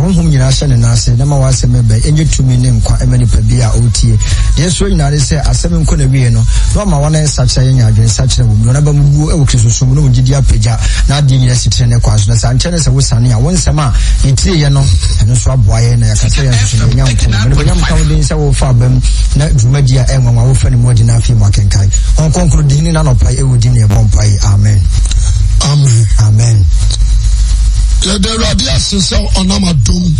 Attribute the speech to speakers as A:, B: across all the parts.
A: ahohom nyinaa hyɛ ne nan ase wasɛm ɛbɛ ɛnyɛ tumi ne nkwa ɛma nipa bi a ɔretie deɛ so nyinaa de sɛ asɛm nkɔ na wie no na ɔma wɔn nsakyerɛ yɛ nyaadwene nsakyerɛ wɔ mu na ɔba mu buo ɛwɔ kristosom mu na wɔn gyidi apagya na adeɛ nyinaa si tiri ne kɔ aso na sɛ ankyɛn sɛ wosane a wɔn nsɛm a yɛtiri yɛ no ɛno nso aboa yɛ na yɛkasa yɛ nso yɛ nya nko mɛ nibɔ nyamka wo den abam na dwumadi a ɛnwa ma wofa ne mu ɔdi n'afei mu akenkan ɔnkɔnkoro din ne nanɔpa ɛwɔ din ne ɛbɔ mpa yi amen amen amen yɛde awurade ase sɛ ɔnam adom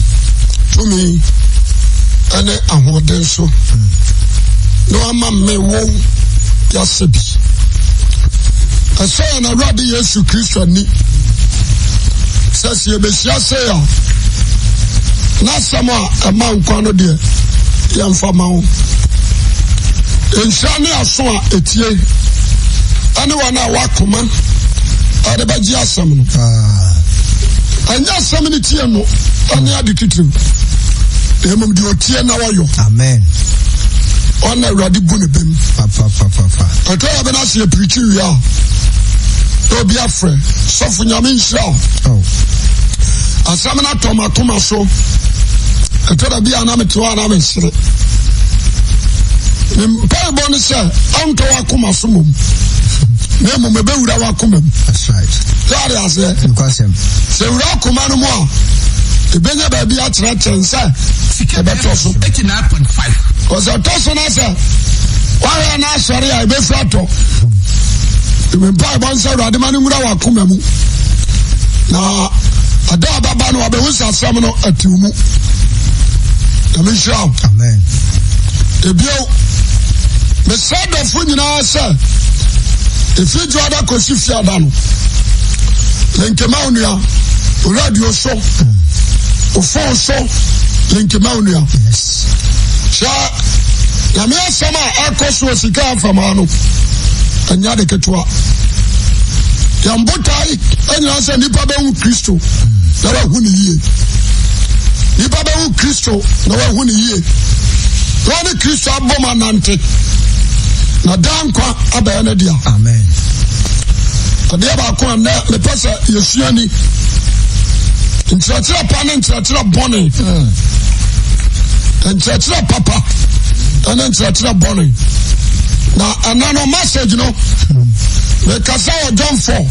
A: tumi ne ahoɔden so na wama me wo yɛasɛ bi ɛsɛ yɛ na awurade yesu kristo ani sɛ sɛ yɛbɛhyia sɛ a na asɛm a ɛma nkwa no deɛ yɛmfa ma wo nhyira ne aso a ɛtie ɛne wɔn a wɔakoma ɛde bɛgye asɛm no ah. Anye asemine tiyen mou, anye adikiten, e dey moum diyo tiyen nawayon. Amen. Onne radibounibim. Ate wapen asye piti wya, dobya fre, sof wanyamin shwa. Ase mene ato matou maso, atote bi aname tiyo aname sile. Nenm pou ibonise, e anke wakou maso moum. na mmom ebewura wakoma mu. that's right. lọ́ọ̀rì ase. nkwasẹ̀m. sè wura akoma no mu a ebenya baabi akyerɛkyerɛ nsɛ ɛbɛtɔ so. eighty nine point five. kòsè tɔ so n'asɛ wàhẹ́ n'asɔre a ebefu atɔ mpa ɛbɔ nsɛ wura adema ne nwura wakoma mu na ada ababa no abɛhu sɛ asɛm no atiw mu na mehyira wo. amen. ebio mesɛ dɔfo nyinaa sɛ. E fiji wad akosif ya danou. Lenkeman ou nya, ou rady ou son, ou fon ou son, lenkeman ou nya. Chak, yami an seman akos wosike an fama anou, enyade ketwa. Yambotay, enyansen nipa be ou kristou, nawa houni ye. Nipa be ou kristou, nawa houni ye. Yoni kristou ap boman nante. na daa nkwa abɛyɛ no dea adeɛ baako ɛnɛ mepɛ sɛ yɛsuani nkyerɛkyerɛ pa ne nkyerɛkyerɛ bɔne hmm. nkyerɛkyerɛ papa ɛne nkyerɛkyerɛ bɔne na ɛna no message no hmm. mekasa wɔ john 4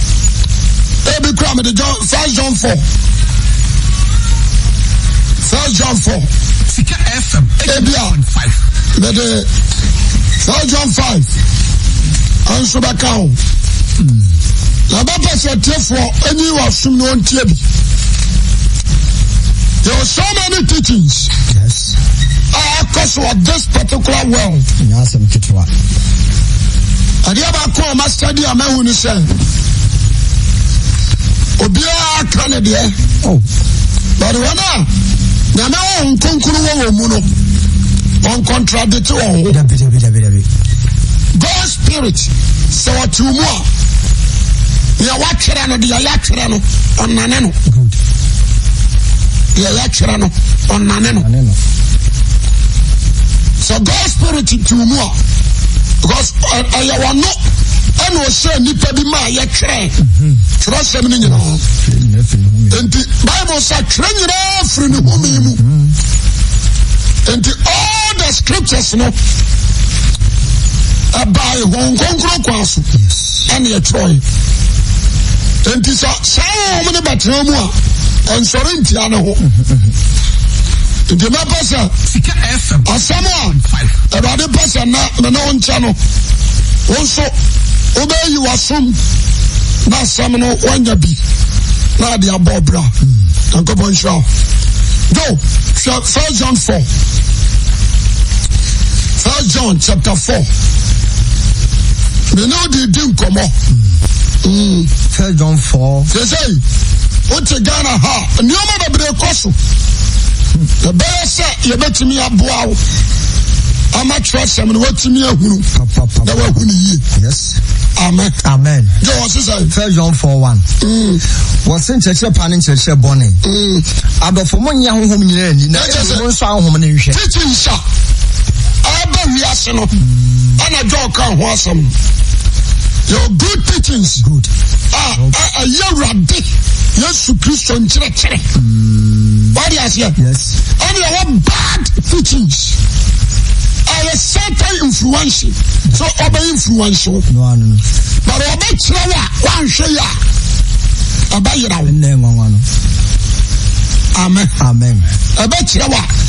A: ebi kora mede john 1 john 4 1 john 4 ebi a mede John 5. Anso bɛka wo. Na bɛpɛ sɛ tiefoɔ ani wɔ asom na wɔntie bi. There are so many teachings. Yes. A ɛkɔ so this particular world. Nyɛ asɛm ketewa. Adeɛ baako a mastadi a mahu ne sɛ obiara ka ne deɛ. But wɔn a nyame wɔ nkonkoro wɔ wɔn mu no. On wɔ ho god spirit sɛ wɔte mu a deɛ woatwerɛ no deɛ ɔyɛ atwerɛ no ɔnane no deɛ ɔyɛ atwerɛ no ɔnane no spirit te mu a because ɛyɛ wɔno ɛna ɔhyɛ nnipa bi ma a yɛtwerɛ twerɛsɛm no nyinaa enti bible sɛ twerɛ nyinaa firi ne homee mu enti all Skripte se nou E bayi Konkro kwa sou Anye troye En ti uh, sa Sa ou meni batre mwa En sorin ti ane ho En ti meni pase Ase mwa E rade pase Meni on chan nou Oso Obe yu asum Na se mweni onye bi Na di abobra Danko bon shwa Yo Fajan fwa first john chapter four mene odi di nkɔmɔ. Hmm, first john four. sese o ti ghana ha nneɛma bebree kɔ so ɛbɛyɛ sɛ yɛbɛtumi aboa wo ama twerɛ sɛm no watumi ahunu na wahunu yie. yes. Amen. Amen. Jọ wọ sisan. First John four one. Wọ́n sẹ́ nkyẹ̀kyẹ̀ pa ni nkyẹ̀kyẹ̀ bọ́ ni. mo ń ahohom nyinaa ni. Na ẹ̀ ẹ̀ mo nso ahohom ni nhwẹ́. Títí nsa ɛba wiase no ɛna john ka ho asɛm your good teachings good a ɛyɛ awurade yesu kristo nkyerɛkyerɛ wade aseɛ ɛne ɛwɔ bad teachings ɛyɛ satan influence so ɔbɛ influence wo but ɔbɛkyerɛ wo a woanhwɛ yi a ɛbɛyera wo amen amen ɛbɛkyerɛ wo a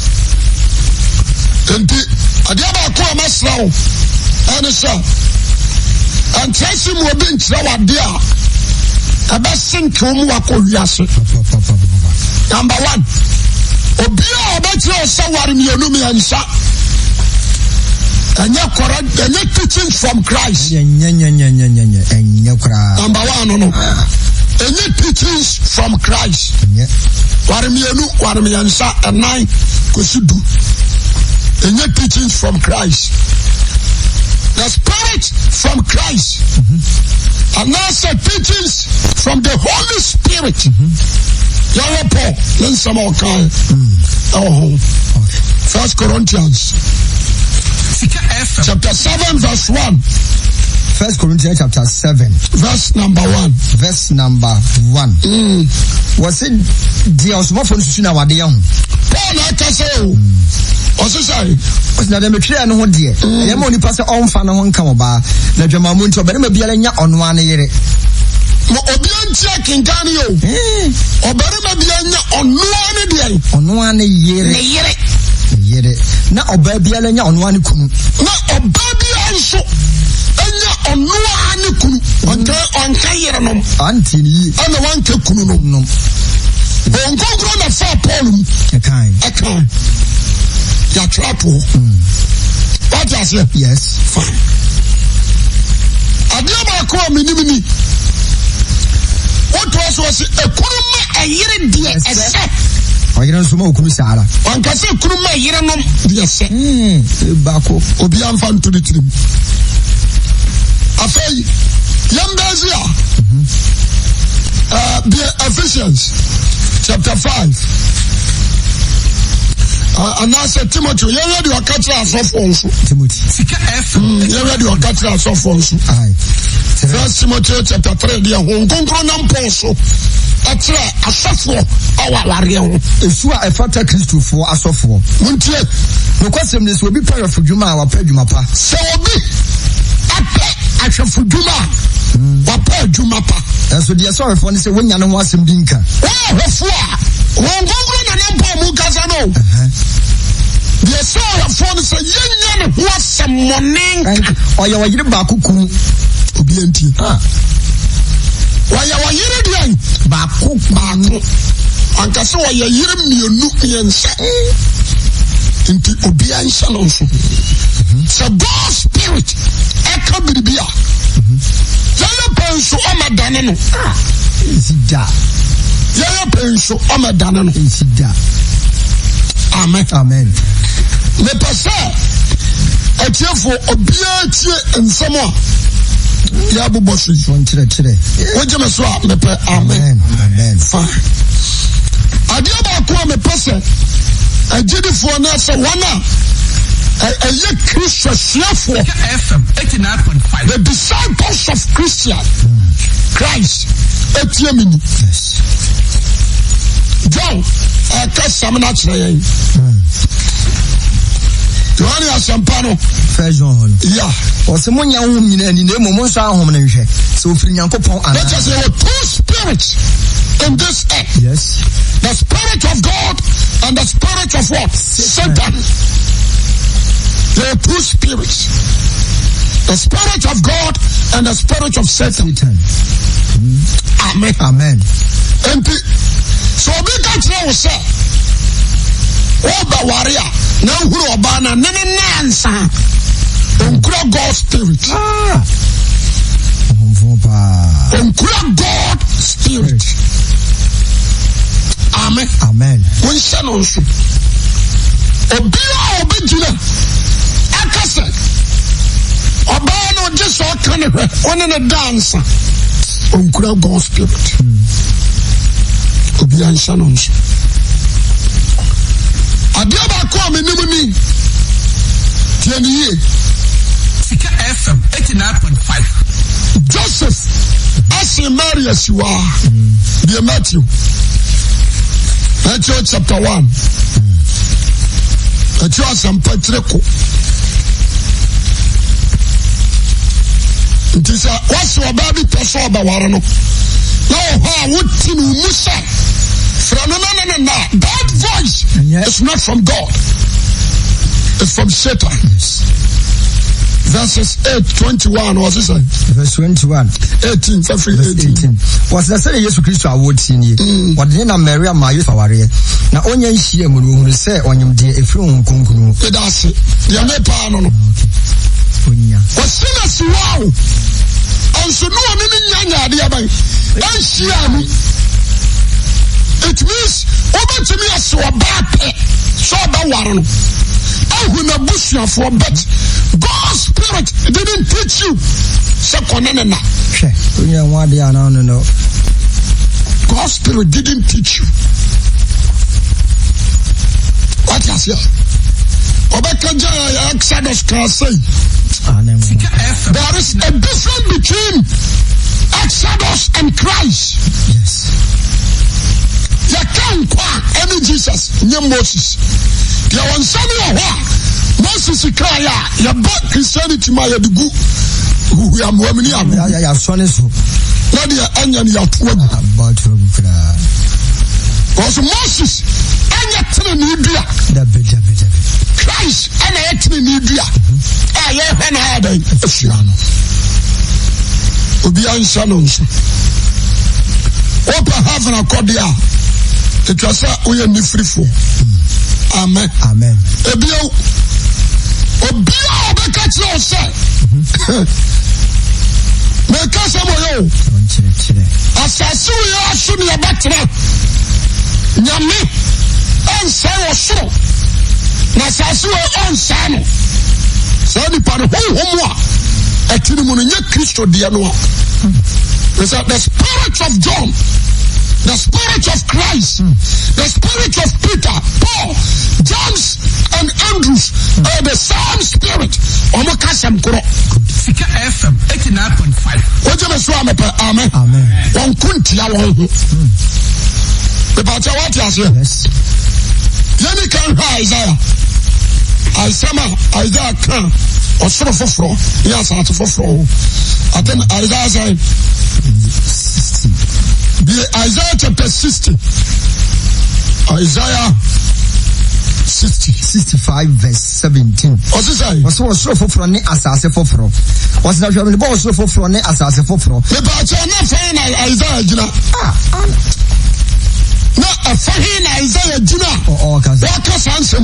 A: nti adeɛ baako a masra wo ɛne sɛ ɛnkyerɛ se mu obi nkyerɛ wadeɛ a ɛbɛsenke mu wakɔ wiase number one obiaa ɔbɛkyerɛ wo sɛ ware mmienum yɛnsa ɛnyɛ correct ɛnyɛ teaching from Christ ɛnyɛ one no ɛnyɛ teachings from Christ ware mmienu ware mmiɛnsa ɛnan kɔsi du and ɛnyɛ teachings from christ the spirit from christ mm -hmm. anaasɛ teachings from the holy spirit yɛwɔ pɔ ne nsɛm a ɔkae ɛwɔ ho first corinthians chapter 7 verse 1 First Corinthians chapter 7. Verse number 1. Verse number 1. Mm. Was it the Osmophones? Paul, I can say, oh. hmm. ɔsesae ɔsina deɛ metwerɛɛ no ho deɛ mm. ɛyɛ ma onipa sɛ ɔmfa ne ho nka mɔbaa na dwamamu nti ɔbɛrima biara nya ɔnoa ne yere obia ntia kenkan ne yɛo hmm. ɔbarima bia nya ɔnoa ne deɛ ɔnoa ne yere ne yere yere na ɔbaa biara nya ɔnoa ne kunu na ɔbaa biara nso ɛnya ɔnoa ne kunu hmm. ɔnka ɔnka yere nom ante ne yie ɛna wanka kunu nom nom ɔnkɔnkoro na faa paul mu ɛkan ɛkan yàtúrà tó. wọ́n ti àṣẹ. yes. fine. adeɛ baako a mi nim ni wọ́n tó aṣọ ọ̀sẹ̀ ekunu mọ ẹ̀yẹrẹ diẹ ẹsẹ. ɔyere nso ma okunu saa ara. ɔnkasa ekunu mọ ẹ̀yẹrẹ nom diẹ sẹ. baako. obi anfa nto ne tirim. afei yẹn bẹ́ẹ̀ zi a. Uh, the Ephesians chapter 5 anaasɛ timothy yɛwɛ deɛ ɔka kyerɛ asɔfoɔ nso mm, yɛwɛ deɛ ɔka kyerɛ asɔfoɔ nso first timothy chapter three deɛ ho nkonkoro nam pɔn so ɛkyerɛ asɔfoɔ ɛwɔ awareɛ ho esu a ɛfata kristofoɔ asɔfoɔ montie nokwasɛm ne sɛ obi pɛ ahwɛfodwuma a wapɛ adwuma pa sɛ obi apɛ ahwɛfodwuma a mm. wapɛ adwuma pa ɛnso deɛ sɛ ɔhwɛfoɔ ne sɛ wonya ne ho asɛm bi nka wɔahwɛfoɔ a wɔn nkonkoro na ne mpɔ mu kasa no Diye sou a foun se yin yon wase mounen ka. Oye wajiri baku koun. Obyen ti. Oye wajiri diyan. Baku kou. Anke sou wajiri mi yon lupi yon se. Inti obyen sanon sou. Se God Spirit ekabili biya. Yon yon pen sou amadanen nou. Yon si da. Yon yon pen sou amadanen nou. Yon si da. amen amen mepɛ sɛ atiefo obiara tie nsɛm a yɛabobɔ so yi nkyerɛkyerɛ wogye me so a mepɛ amen fa adeɛ baako a mepɛ sɛ agyidifoɔ no sɛ wɔn a ɛyɛ kristo asuafoɔ the disciples of christian christ atie me ni john ɛkasam two spirits in this earth yes. the spirit of god and the spirit of what satan there are two spirits the spirit of god and the spirit of satan, satan. Mm. amen amen nti sɛ obi ka kyerɛ wo sɛ wɔbɛware a na nhuru ɔbaa no ne ne nɛ nsa ɔnkura god spirit ah! ɔnkura god spirit amen amen wonhyɛ no nso obiara a ɔbɛgyina ɛka sɛ ɔbaa no ɔgye sɛ ɔka ne hwɛ ɔne ne da nsa god spirit mm obi anhyɛ no nso adeɛ baako a menim ni tie ne yie sika fm 89.5 joseph asen mary asiwaa deɛ matthew matthew chapter 1 matthew asɛmpa tire ko nti sɛ wase ɔbaa bi pɛ sɛ ɔbɛware no na ɔhɔ a woti no no, no no no no that voice is not from God it's from Satan verses 8 21 wɔ se sɛ verse 21 18 sɛfiri 18 wɔsɛ sɛne yesu kristo a wɔtie nie wɔde ne na maria ma yosef awareɛ na ɔnya nhyia mu no ɔhunu sɛ ɔnyemdeɛ ɛfiri ho nkonkunu mu ɛda ase yɛne paa no no wɔse na siwa wo ɔnso ne ɔne ne nya nyaadeɛ bɛn ɛnhyia mu it means wobɛtumi ase ɔbaa So sɛ ɔbɛware no ahu n'abusuafoɔ but god spirit didn't teach you sɛ kɔne ne na hwɛ onyɛ ho adeɛ anaa no no god spirit didn't teach you wate aseɛ ɔbɛka gyaa yɛ exodus kaa sei ah, there is a difference between exodus and christ yes. Ya ken kwa ene Jesus Nye Moses Ya wansan yo wak Moses yi kaya Ya bat kisen iti maye di gu Ou yam wamin yam La di anye ni atwen A ah, bat wamin kaya Wansan Moses Anye tenen yi diya Christ anye tenen yi diya A ye fwen a yaday Obyan sanons Ope hafen akodi ya ɛtwa sɛ woyɛ nifirifo amen amen ebio obia ɔbɛka kyerɛ wo sɛ mhm. meka sɛ mɔyɛ o asase woyɛ aso ne yɛbɛtena nyame ɛnsɛe wɔ soro na asase wɔ ɔnsɛe no saa nipa no honhom a ɛtene mu no nyɛ kristo deɛ no a ɛ mhm. sɛ the spirit of john the spirit of Christ, mm. the spirit of Peter, Paul, James, and Andrews, mm. are the same spirit. Omo kuro. Sika FM 89.5. Oje me so amepe, amen. Amen. Won kuntia won ho. Beba cha wati asye. Yes. Yeni kan ha Isaiah. Aisama, Isaiah kan. Osoro foforo, Yes, ati foforo. Aten Isaiah say, Ye Isaiah chapter 60. Isaiah 60. 65 verse 17. what's Ọsí sáyé. for from. ọ̀ṣọ́ foforọ ní asase foforọ. Wọ́n sọ ọ̀ṣọ́ bọ́ ọ̀ṣọ́ foforọ ní asase foforọ. Nípa àti ọ̀nà not saying Isaiah ah, ah, Na ẹ̀fọ́ hìn saying Isaiah oh, Wọ́n What can I say?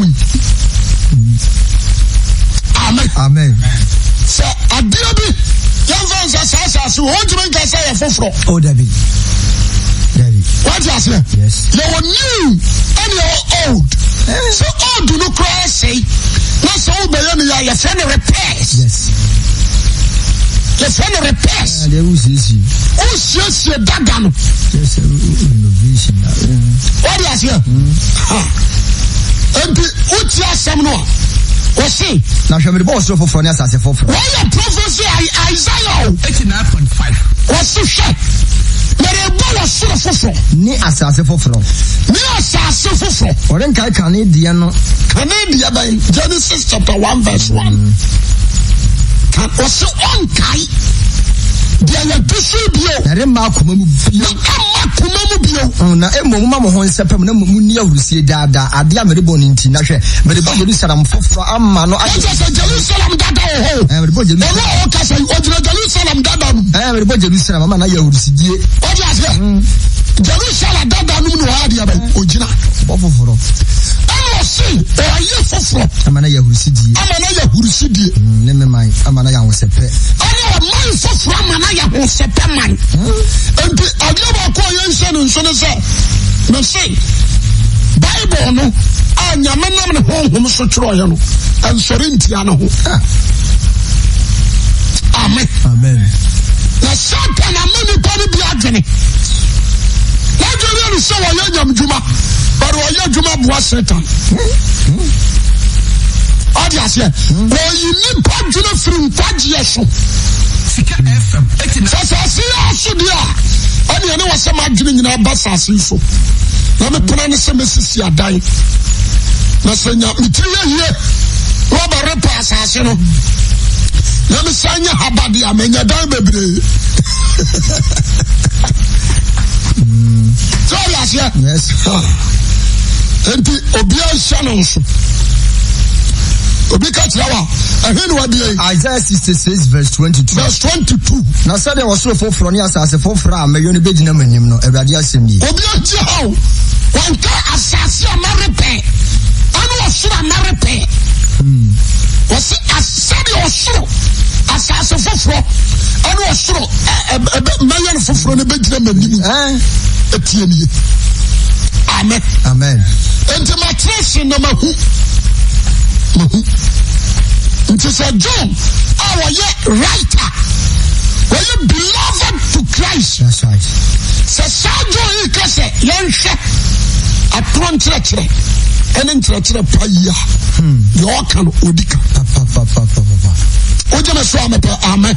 A: Amen. Amen. Sọ adé bi I fẹ́ nsọ sá sá sí wọ́n jùlọ nkà sá yẹ foforọ. Ó oh, dàbí. Wadi asye? Yes. Yon ou new, an yon ou old. Se old yon ou kwa an se, nan sa ou belon yon yon yon fwene repes. Yes. Yon fwene repes. An, de ou si si. Ou si si, e dag dan ou. Yes, an ou inovisyon nan ou. Wadi asye? Hmm. An pi, ou ti asye moun wap? Ou si? Nan shen mi di bo sou fwofron yon sa se fwofron. Ou yo profon se a izay ou? E ti nan fwofron fay. Ou sou shen? Ne a sa se fofron Ne a sa se fofron Or enkaj kan e diyan Kan e diyan bay Kan osu ankaj deɛ yɛde si bio yɛremma akoma mu bio na ama e koma mu bio na mmom ma mo ho nsɛpɛm na mmom ni ahurusie daadaa adeɛ a mede bɔ ne nti na hwɛ mede bɔ yerusalem foforɔ ama no agye sɛ sɛ jerusalem dada wɔ hɔ mede bɔ jerusalem ɛno a ɔka sɛ ɔgyina jerusalem dada no mede bɔ jerusalem ama na yɛ ahurusidie ɔde aseɛ mm. jerusalem dada nom ne ɔha adeɛ bɛ ɔgyina bɔ foforɔ ɛna ɔse ɔayɛ foforɔ ama na yɛ ahurusidie ama na wisidie. ne mi man ama na yà wò sẹpẹ. ɛnna ɔman foforɔ ama na yà wò man. Hmm? nti adeɛ baako a yɛn nhyɛ ne sɛ ne se baibul no a nyame nam ne honhom so twerɛ yɛ no ɛnsɔre ntia ne ho. amen. na satan ama nipa no bi adwene wadwene no sɛ wɔyɛ nyamdwuma bɛre ɔyɛ adwuma boa satan. Hmm? Hmm? ɔdi aseɛ wɔyi nipa gyina firi nkwagyeɛ so sasase asodeɛ a ɛne ɛne wɔ sɛ madwene nyinaa ba sase yi so na mepena ne sɛ mɛsisi adan na sɛ nya metiri ahie wɔbɛrepa asase no na mesan nyɛ habade a manya dan bebree mm. sɛ ɔyɛ aseɛ nti obiaa nhyɛ no nso obi ka kyerɛ wa ɛhe ni wa di yɛ. isaiah sixty six verse twenty two. verse twenty two. na sɛdeɛ wɔsoro foforɔ ne asase foforɔ a mɛyɔ no bɛgyina mu anim no awurade asɛm yi. obi akyi ha o wɔnka asase a mɛrepɛ ɛne ɔsoro a mɛrepɛ. Hmm. wɔsi asɛdeɛ ɔsoro asase foforɔ ɛne ɔsoro ɛbɛ mɛyɛ no foforɔ ne bɛgyina mu anim. etie mi ye. amen. amen. nti ma tẹ̀sí na mahu nti sɛ john a wɔyɛ writer wɔyɛ beloved to christ sɛ saa john yi ka sɛ yɛnhwɛ atorɔ nkyerɛkyerɛ ɛne nkyerɛkyerɛ pa yi a hmm. deɛ ɔka no ɔdi ka wogyeme so amepɛ amen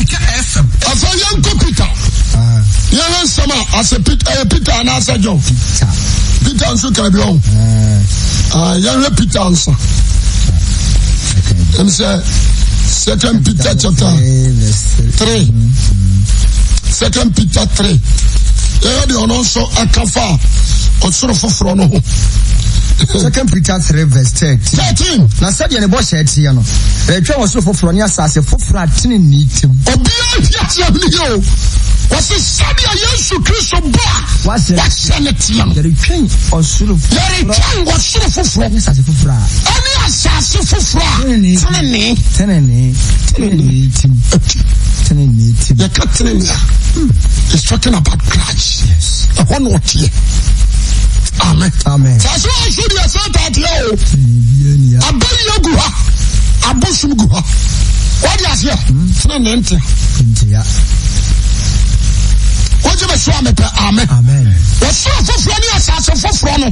A: ɛsɛ yɛnkɔ peter ah. yɛhɛ nsɛm a asɛ ɛyɛ eh, peter anaasɛ john peter nso ka bi ɔho Ah, yɛhwɛ peter ansa ɛm sɛ second peter chapter three second peter three yɛyɛ deɛ ɔno nso aka fa a ɔsoro foforɔ no ho second peter three verse thirteen. thirteen. na sẹ́díẹ̀ ni bọ́ọ̀ṣẹ̀ ẹ̀ tiẹ̀ nọ ẹ̀twẹ́ wọ́n sọ̀rọ̀ foforọ ní asase foforọ àtìní ní ìtẹ̀m. obi a fi àti àmì yìí o wɔsi sɛdeɛ yesu kristo bɔ a wahyɛ ne team yɛretwɛn ɔsoro foforɔ ɛne asase foforɔ a tenene yɛka tenene a is talking about christ ɛhɔ na ɔteɛ amen sase ɔso deɛ sɛ taateɛ o abɛyɛ gu ha abosom gu ha wɔde aseɛ hmm. tenene ntea wọ́n bẹ sọ àmì pẹ amẹ. Wọ́sọ foforọ ní asase foforọ no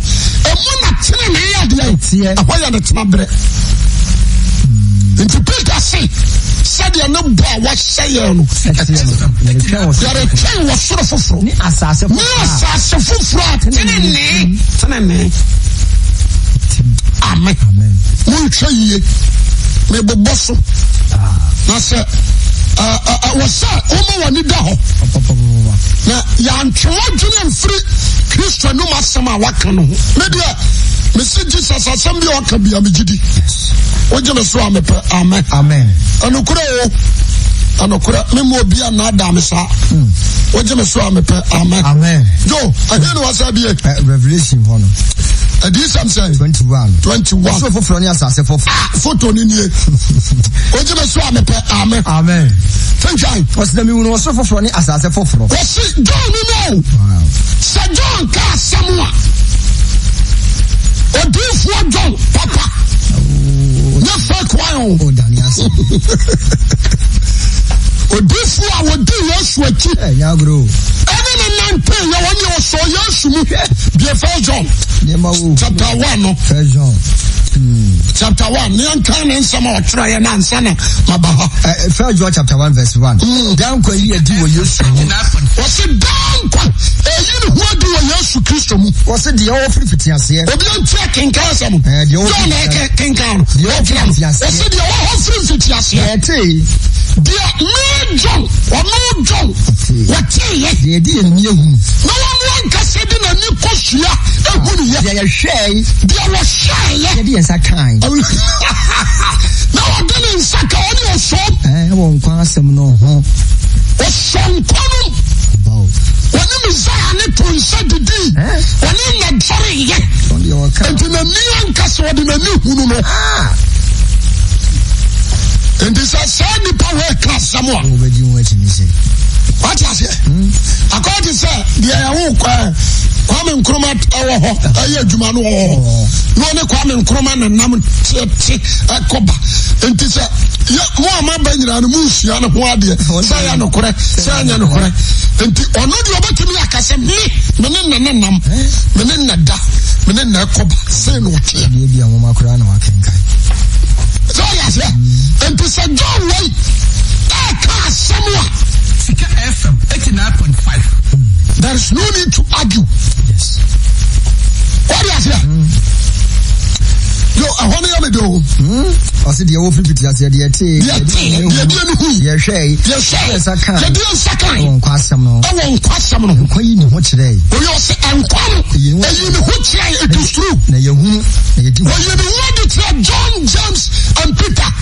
A: emu na tẹnɛ ní yà diẹ ẹhọ yà ni tẹnɛ brẹ. Nti Peter sè sẹ́díẹ̀ ní bọ̀ a wọ́hyẹ yẹn no yàrá twẹ́n wọ soro foforọ ní asase foforọ tẹnɛ ní tẹnɛ Amẹ. Mo n twẹ́ yie, mi bọ̀ bọ̀ so. Na sẹ wɔ sɛ wɔ ne da hɔ na yɛantwewa dwene mfiri kristo nom asɛm a waka no ho medeɛ mese jesus asɛm bi a waka bia megye di wogye me so a mepɛ amen ɛnokorɛ o ɛnokorɛ mema obi a naada me saa hmm. wogye me so a mepɛ amen jo ɛhe ne wasɛ bie eh, revelation hɔ no ẹdi sam sẹ. twenty one. twenty foto ni ah, nie o sọ àmì pẹ amen. amen. thank john nínú o sẹ john ká àsẹ́mu a òdìfọ́ john pápá ní fake odifo a wodi yesu akyi eh, ɛne ne nante yɛ wɔnyɛ wɔsɔ yesu mu bie first john chapter one no hmm. chapter one ní ẹnka ní nsọm a ọtwerɛ yɛ nansa na eh, eh, first john chapter one verse one. dankwa hmm. yi edi wɔ yesu mu. wɔsi dankwa eyi ni hu edi wɔ yesu kristo mu. wɔsi deɛ ɔwɔ firi fiti aseɛ. obi an tia kinkan sɛm. ɛɛ deɛ ɔwɔ firi fiti aseɛ. yɔn na ɛkɛ kinkan deɛ mee john ɔno john wɔteeyɛ deɛ ɛde yɛn ni ehu na wɔn ankasa de n'ani kɔ sua ehu ni yɛ deɛ yɛhwɛɛ yi deɛ wɔhyɛɛ yɛ deɛ de yɛn nsa kan yi na wɔde ne nsa kan wɔn yɛ sɔm ɛɛ wɔ nkwa asɛm no ho wɔsɔ nkwa no wɔne misaya ne to nsa didi wɔne nnɛdɔre yɛ nti n'ani ankasa wɔde n'ani hunu no. nti sɛ saa nipa wei ka asɛm a wate aseɛ akɔte sɛ deɛ ɛwo kɔ kwame nkroma ɛwɔ hɔ ɛyɛ adwuma no wɔwɔ hɔ na ɔne kwame nkroma nenam tete ɛkɔ ba nti sɛ mo a maba nyinaa no monsua ne ho adeɛ sɛ yɛ nokorɛ sɛ ɛnyɛ nokorɛ nti ɔno deɛ ɔbɛtumi aka sɛ me mene nne ne nam mene nne da mene nne ɛkɔ ba sɛ ne ɔteɛ john fm 89.5 there is no need to argue ɔsi deɛ wofi piti aseɛ deɛ tee deɛ tee deɛ deɛ ne hu deɛ hwɛ yi deɛ hwɛ yi nsa kan deɛ deɛ nsa kan ɛwɔ nkɔ asɛm no ɛwɔ nkɔ asɛm no nkɔ yi ne ho kyerɛ yi oyɛ ɔsi ɛnkɔ no ɛyi ne ho kyerɛ yi it is true na yɛ hunu na yɛ di hu oyɛ ne ho de kyerɛ John James and Peter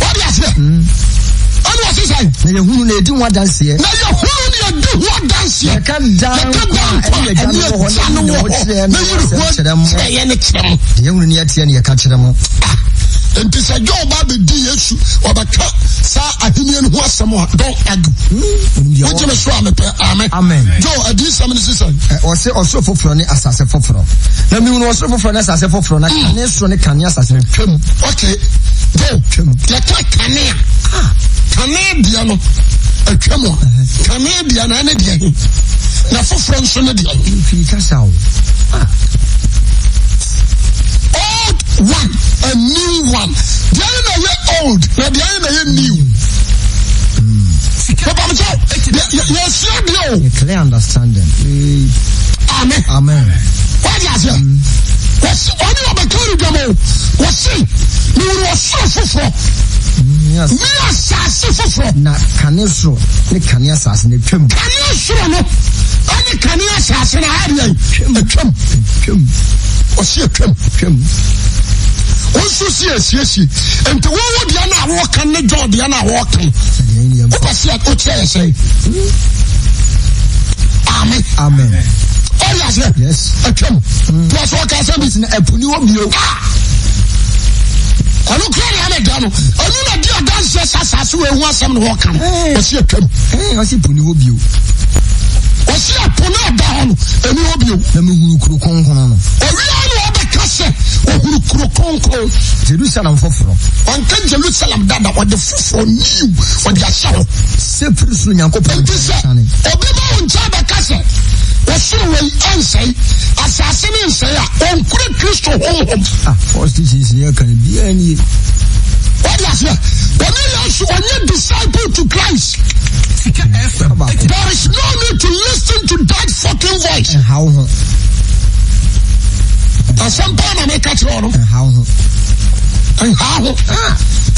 A: wɔde aseɛ ɔne ɔsi sɛ na yɛ hunu na yɛ di hu adanseɛ na yɛ hunu di ho dansi yɛ yɛka dan nkwa ɛni ɛgya no wɔ hɔ na yiri ho kyerɛ yɛ ne kyerɛ mu deɛ ehunu ni yɛteɛ ni yɛka kyerɛ mu nti sɛ gye ɔba abɛdi yesu ɔbɛka saa ahenni no ho asɛm a don agu wogye me so a mepɛ amen jo adi sɛm no sisan ɔse ɔsoro foforɔ ne asase foforɔ na mehu no ɔsoro foforɔ ne asase foforɔ na kane soro ne kane asase twam ok jo yɛka kane a kane deɛ no atwa mu a kame deɛ na ne deɛ na foforɔ nso ne deɛ mfii kasa wo ah. old one a new one deɛ ne na yɛ old na deɛ ne na yɛ new bɛbamkyɛ yɛsua deɛ o amen amen wade aseɛ mm. wɔne ɔbɛka ne dwam o wɔse mewuru ɔsoro foforɔ ní asase foforɔ. na kane soro ne kane asase ne twam. kane soro no ɛne kane asase na ayɛ yɛn atwam. twam ɔsi atwam. twam nso si esiesie nti wɔn wɔ deɛ na awɔ kan ne jɔn deɛ na awɔ kan wopɛ si a o kyerɛ yɛ sɛ amen. amen. ɔyɛ asɛ atwam. tí mm. a sɔ ɔka sɛ bi sinɛ ɛpuni wɔ bio. Ah! ɔno kura ni ɛna da no ɔno na di ɔdansi ɛsa asase wo ehu asɛm na wɔka no ɔsi atwam. ɔsi po ni hɔ bio. ɔsi apo na ɔda hɔ no ɛni hɔ bio. na mi huru kuro kɔnkɔn no. owia ni ɔbɛ kasɛ ohuru kuro kɔnkɔn. jerusalem foforɔ. ɔnka jerusalem dada ɔde foforɔ niw ɔde ahyɛ hɔ. sepiri so nyanko sɛ obi bá wọn nkyɛn bɛ kasɛ. wɔsoro wei ɛnsɛe asase ne nsɛe a ɔnkura kristo honhom wọ́n yà fẹ́ wọ́n yà sọ wọ́n yẹ disciple to Christ. There is no need to listen to that fokin voice. Asampa na mi kati ọrọ. Nhaho.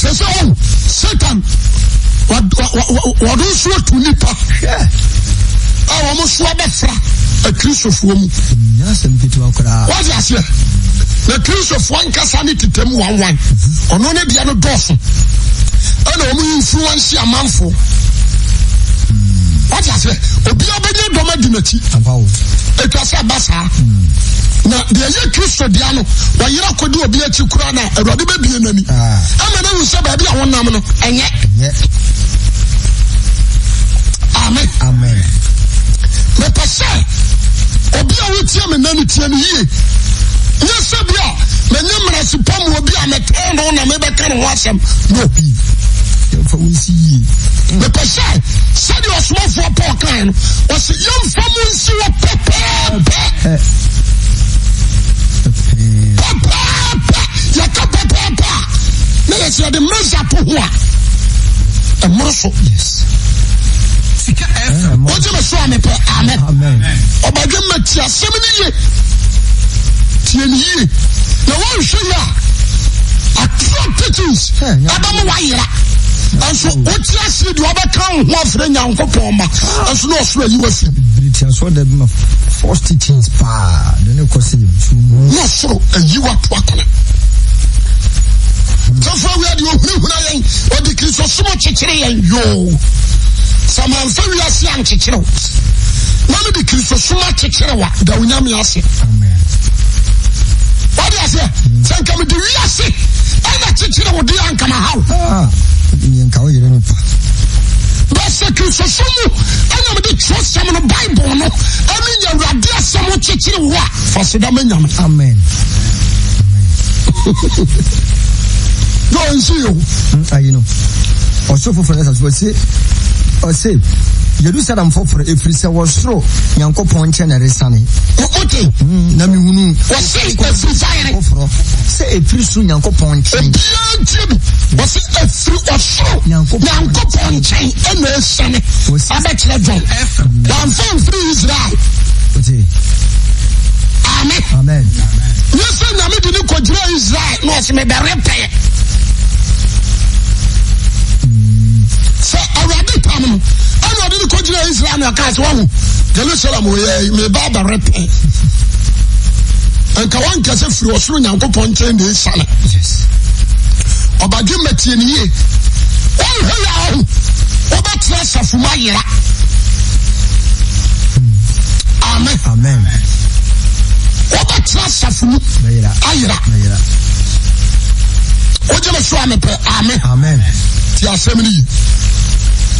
A: Sese o, Satan, wọ́n dún sùn tu nípa. Ẹ wọ́n mu sùn ọbẹ̀ fura. E kris yo fwo mwen. Waj ya se. E kris yo fwo an kasani kitem wang wang. Onone diyan nou doson. E nou mwen yon fluwansi a man fwo. Waj ya se. Obya benye domen dine ti. E krasa basa. Na diyan yo kris yo diyan nou. Wan yon akwadi obya ti kura nan. E rwadi bebyen meni. E meni yon sebe. E meni yon namen nou. Amen. mepɛ sɛ obi a wotie me nane tie no yie nyɛ sɛ bi a manyɛ mmarase pa mu obi a metɛn no na mebɛka ne ho asɛm na obi yɛmfa wo nsi yie mepɛ sɛ sɛdeɛ ɔsomafoɔ pɔɔ kae no ɔse yɛmfa mu nsi wɔ pɛpɛɛpɛ pɛpɛɛpɛ yɛka pɛpɛɛpɛ a na yɛsɛ yɛde mesa to ho a ɛmmoro so yes wọ́n ti mi sọ àmì pẹ̀ amẹ́ ọ̀bàdàn mi ti asẹ́mi ni yie tiẹ̀ ni yie na wọ́n nhwẹ́ yẹ a atúrọ̀ abamu wa yẹra nso wọ́n ti ase di ọbẹ̀ kan ọ̀hún àfẹ́rẹ́ nyanko pọ̀ ọ̀ma nso náà ọ̀sùn ẹ̀yí wọ̀ sí. bìrìtì asọ́ dẹ́bi ma first teachings paa dẹ́ni kọ́ sí ẹ̀mí fún mi. wọ́n sọ̀rọ̀ ẹ̀yí wa tó akọ̀nà sọfọ awia di ohun ehun ayẹyin odi kiri sọ sọmọ kyekyere yẹn yoo. sɛ mamfa wiase ankyekyere wo na mede kristosoma kyekyere wa da wonyame ase wode aseɛ sɛ nka mede wiase ɛna kyekyere wo de anka mahaw bɛsɛ kristosom mu ɛna mede kyerɛsɛm no bible no ɛne nya awurade asɛm wo kyekyere wo a fa seda manyam amen yɛ yo ɔsɔfo fɛnɛ sasɛ ɔse yerusalem foforɔ ɛfiri sɛ wɔsoro nyankopɔn nkyɛ na ɛresane hmm, na mehunu foforɔ sɛ ɛfiri so nyankopɔn nkyɛn Amen. Amen. Amen. Nous sommes going to Israel. No, Israël nous going to an wadi di koujine islami akas wang jelou se la mouye en kawan kese frou osrou nyan pou pon chen de isan oba di metye ni ye ou he ya ou oba tla safou mayra amen amen oba tla safou mayra oje me sou ame pe amen ti asem li yi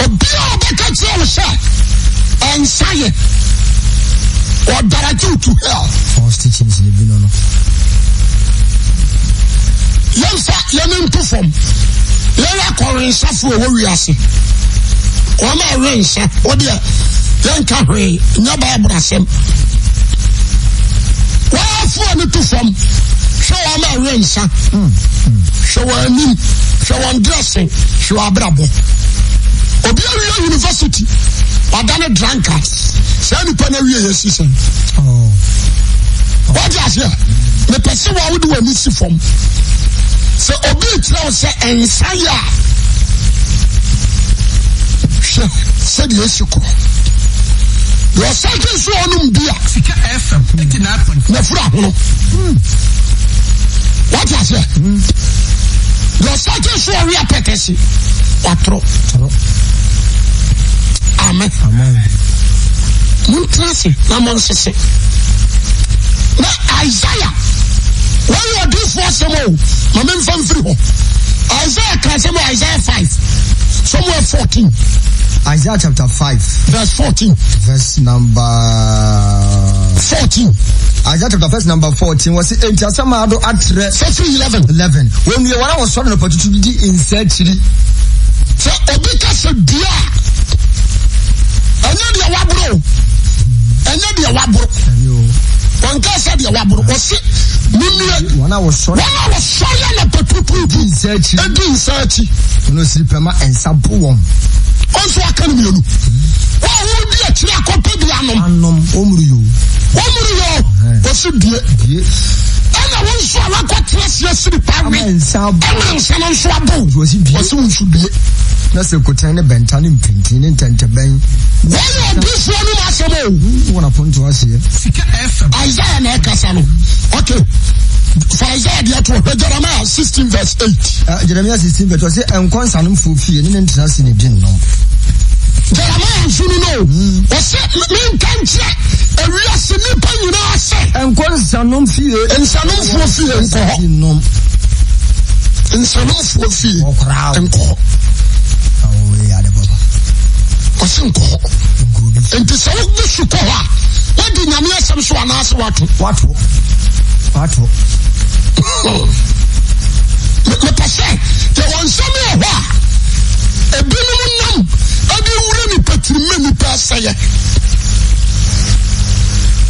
A: Ou biyo beke chel se En saye Ou dadajou tou hel Yon se, yon men poufom Yon akwa rey sa fwo werya se Waman rey se Ou de, yon ka rey Nyo baye brase Waman fwo men poufom Shwa waman rey se Shwa wane Shwa wane drase Shwa wane brase obi awie university ɔda ne drankard saa nipa no awie yɛsi sɛ oh. wagye aseɛ mepɛ sɛ wa wode w'ani si fam sɛ obi kyerɛ wo sɛ ɛnsa yɛ a hwɛ sɛdeɛ ɛsi korɔ deɛ ɔsɛte so ɔnom bi a nafura hono wate aseɛ deɛ hmm. ɔsɛte so ɔwe apɛtɛ se watorɔ amen montena ase na monsese na isaia wɔyɛ ɔdiifoɔ asɛm o ma memfa mfiri hɔ isaia ka asɛm wɔ isaia five, somewhere fourteen. Isaiah chapter five, verse fourteen. verse number fourteen. Isaiah chapter verse number 14 was enti asɛm a ado atrɛ sɛfiri 11 11 wɔnnua wɔn a wɔsɔre no patutu di nsɛ kyiri sɛ obi ka sɛ dua a ɛnyɛ deɛ waboro ɛnyɛ deɛ waboro wɔnkɛ sɛ deɛ waboro ɔsi mímie wɔn a wɔsɔre na pɛtututu edi nsa akyi ɔno si pɛma nsa bo wɔn ɔnso aka ne mienu wɔn a wɔn di akyire akɔpɛ bi anom anom wɔmuru yio wɔmuru yio ɔsi die ɛna wɔn nso a wakɔ tena si esiri pa wi ɛna nsa no nso abo ɔsi nsu die na sɛ kotan ne bɛnta ne mpintin ne ntɛntɛbɛn. wɔn yɛ obi fún ɔnu aseɛ. sika na ɛkasa no ok for aisaya deɛ to ɔhwɛ jeremiah sixteen verse eight. Uh, jeremiah sixteen verse ɔsɛ nkɔnsa no fie ne ne ntena se ne din nom. jeremiah nsunu no hmm. ɔsɛ mi nkyerɛ ewiase nipa nyinaa sɛ. nkɔnsa no mfie. nsanomfoɔ fie nkɔ hɔ. nsanomfoɔ fie nkɔ hɔ ɔsi nkɔ hɔ nti sɛ wogye su kɔ hɔ a wode nyame asɛm so anaase wato wato mepɛ sɛ yɛwɔ nsɛm ɛwɔ hɔ a ebinom nam ade wura nipa tirimɛ nipa asɛyɛ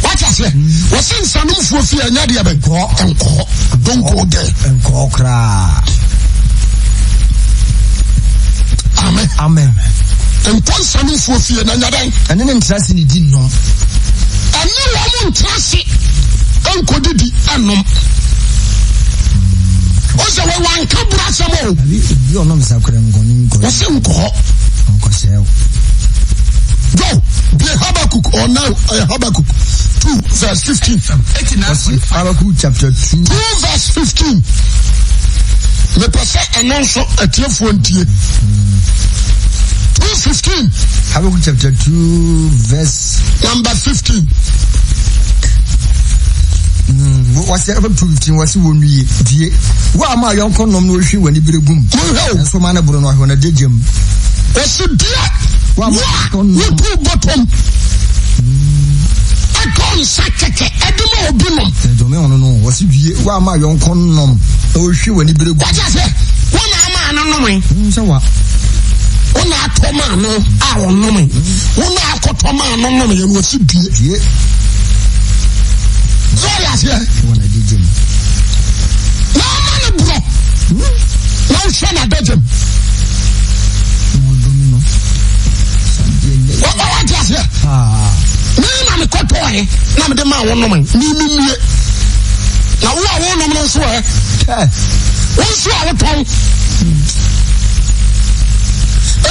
A: wata sɛ wɔsɛ nsanomfoɔ fie ɛnyɛ deɛ bɛnkɔ nkɔ donkɔ dɛ nkɔ koraa amen. amen. nkɔ nsani fo fie na nyadan. ɛne ne ntina se ne di nnɔm. ɛne wɔn mu ntina se nkɔ didi ɛnum. o sɛ wɔn wɔn nka buru asɛm o. abi ebi ɔnam sakura nkɔni nkɔ. wɔsi nkɔ. nkɔsɛ o. Go, be Habakkuk or now uh, Habakkuk 2 verse 15. Habakkuk chapter 2. 2 verse 15. mepɛ sɛ ɛno nso atiefoɔ ntie 215 Habakkuk chapter 2 verse number 15 wɔsɛ ɛfɛ tuntum wɔsi wɔn nuye die wo a ma yɔnko nom na ohwe wɔn ibere gum nso ma ne buru na ɔhwɛ na de gyem wɔsi die wo a wotu bɔtɔm ɛtɔ nsa kyɛkyɛ ɛdi ma obi nom. ɛdɔmi ɔno no wɔsi wie wa ama yɔnko nom na ohwi wɔ ni bere gu. wajɛ sɛ wɔn na ama ano nom yi. nse wa. wɔn na atɔ ma ano a wɔn nom yi wɔn na akɔtɔ ma ano nom yɛ wɔsi die. die. zɔɔ yaseɛ. wɔn na di jɛm. wɔn ama ne burɔ. wɔn nsɛ na bɛ jɛm. wɔn dɔmi no. wɔn bɛ wajɛ seɛ mi na mi kɔ tɔɔye na mi de maa wɔn nom mi mi mie na wo a wɔn nom no yɛ wɔn nso a wɔtɔn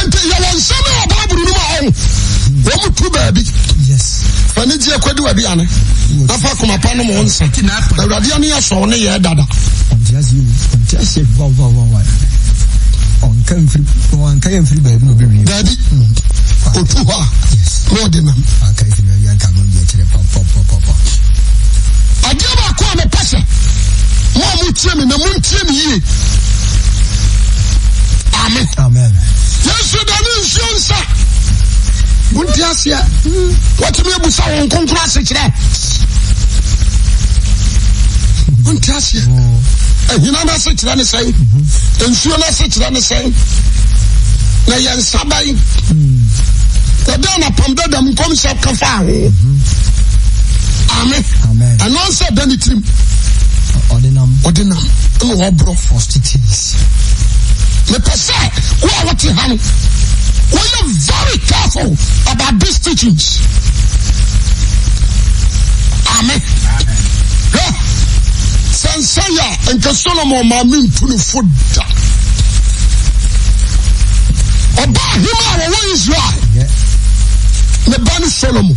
A: nti yɛwɔ nsɛm a ɔbaa buru no mu a wɔn mu tu baabi fani gye kɔ di wa bi ane nafa kuma pa no mu wɔn nsa awurade ani asɔw ne yɛ dada. ɔnka yɛ mfiri baabi na obi wie. baabi mm. otu hɔ a na ɔde nam pɔpɔpɔpɔpɔpɔ adeɛ baako a mepɛ sɛ mo a motie me na montie me yie amen amen yesu da ne nsuo nsa wonte aseɛ watumi abusa wo nkonkoro asekyerɛ wonte aseɛ ahina no asekyerɛ ne sɛn nsuo no asekyerɛ ne sɛn na yɛ nsa bɛn ɛdɛ hmm. napam dɛdam nkɔm sɛ kafa aho maame anansi ɛda ne tirim ɔdenam ɔdenam ɛna wɔbrɔ fɔstitiis mepɛ sɛ wo a wɔte ha no wɔyɛ very careful about these teachings amen hwɛ sɛnsɛ yɛ nka solomon maame ntu ne fo da ɔbaa hema a wɔwɔ israel ne ne solomon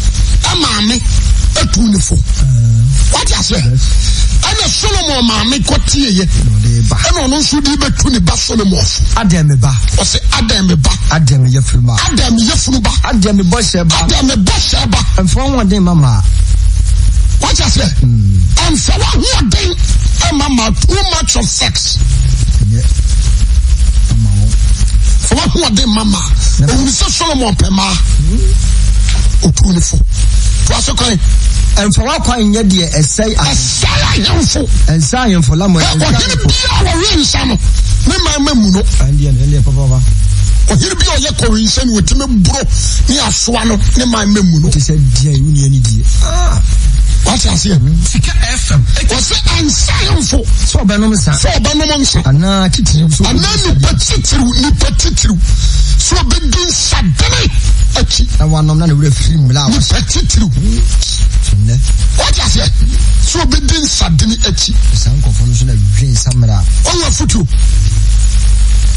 A: ɛmaame etu ne fo wati ase ɛna solomon maame kɔtie yɛ ɛna ɔno nso de bɛtu ne ba solomon fo. adan mi ba. ɔsi adan mi ba. adan mi yɛfunu ba. adan mi yɛfunu ba. adan mi bɔsɛ ba. adan mi bɔsɛ ba. nfa wɔn den ma ma. wati ase nfa wɔn den ma ma too much of sex. nfa wɔn den ma ma ewurisɛ solomon pɛ ma otu ne fo toa so kwan. Mfawa kwan nyɛ deɛ ɛsɛe a. Ɛsɛe ayɛnfo. Ɛnsɛ ayɛnfo lamɔ ɛnsɛ ayɛnfo. Ɔhene bi a wɔwe nsa no, ne maa ma mu no. Ɛndeɛ no, ɛndeɛ papa ɔhene bi a ɔyɛ kɔre nsa no wɔtumi boro ne asoa no ne maa ma mu no. Nti sɛ diɛ yi wuni ɛni diɛ. Ah! Wate aseɛ. Mhm. Sika FM. Wɔsɛ ansa ayɛnfo. Sɛ ɔbɛnom nsa. Sɛ ɔbɛnom nsa. Anaa titiriw. Anaa nipa titiriw nipa titiriw. Sɛ ɔbɛdi nsa dene akyi na wanom na ne werɛ firi mmerɛ a nipa titiri nnɛ wɔde aseɛ sɛ obɛdi nsadene akyi saa nkɔfoɔ no so na dwen sa mmerɛ a ɔwɔ afotuo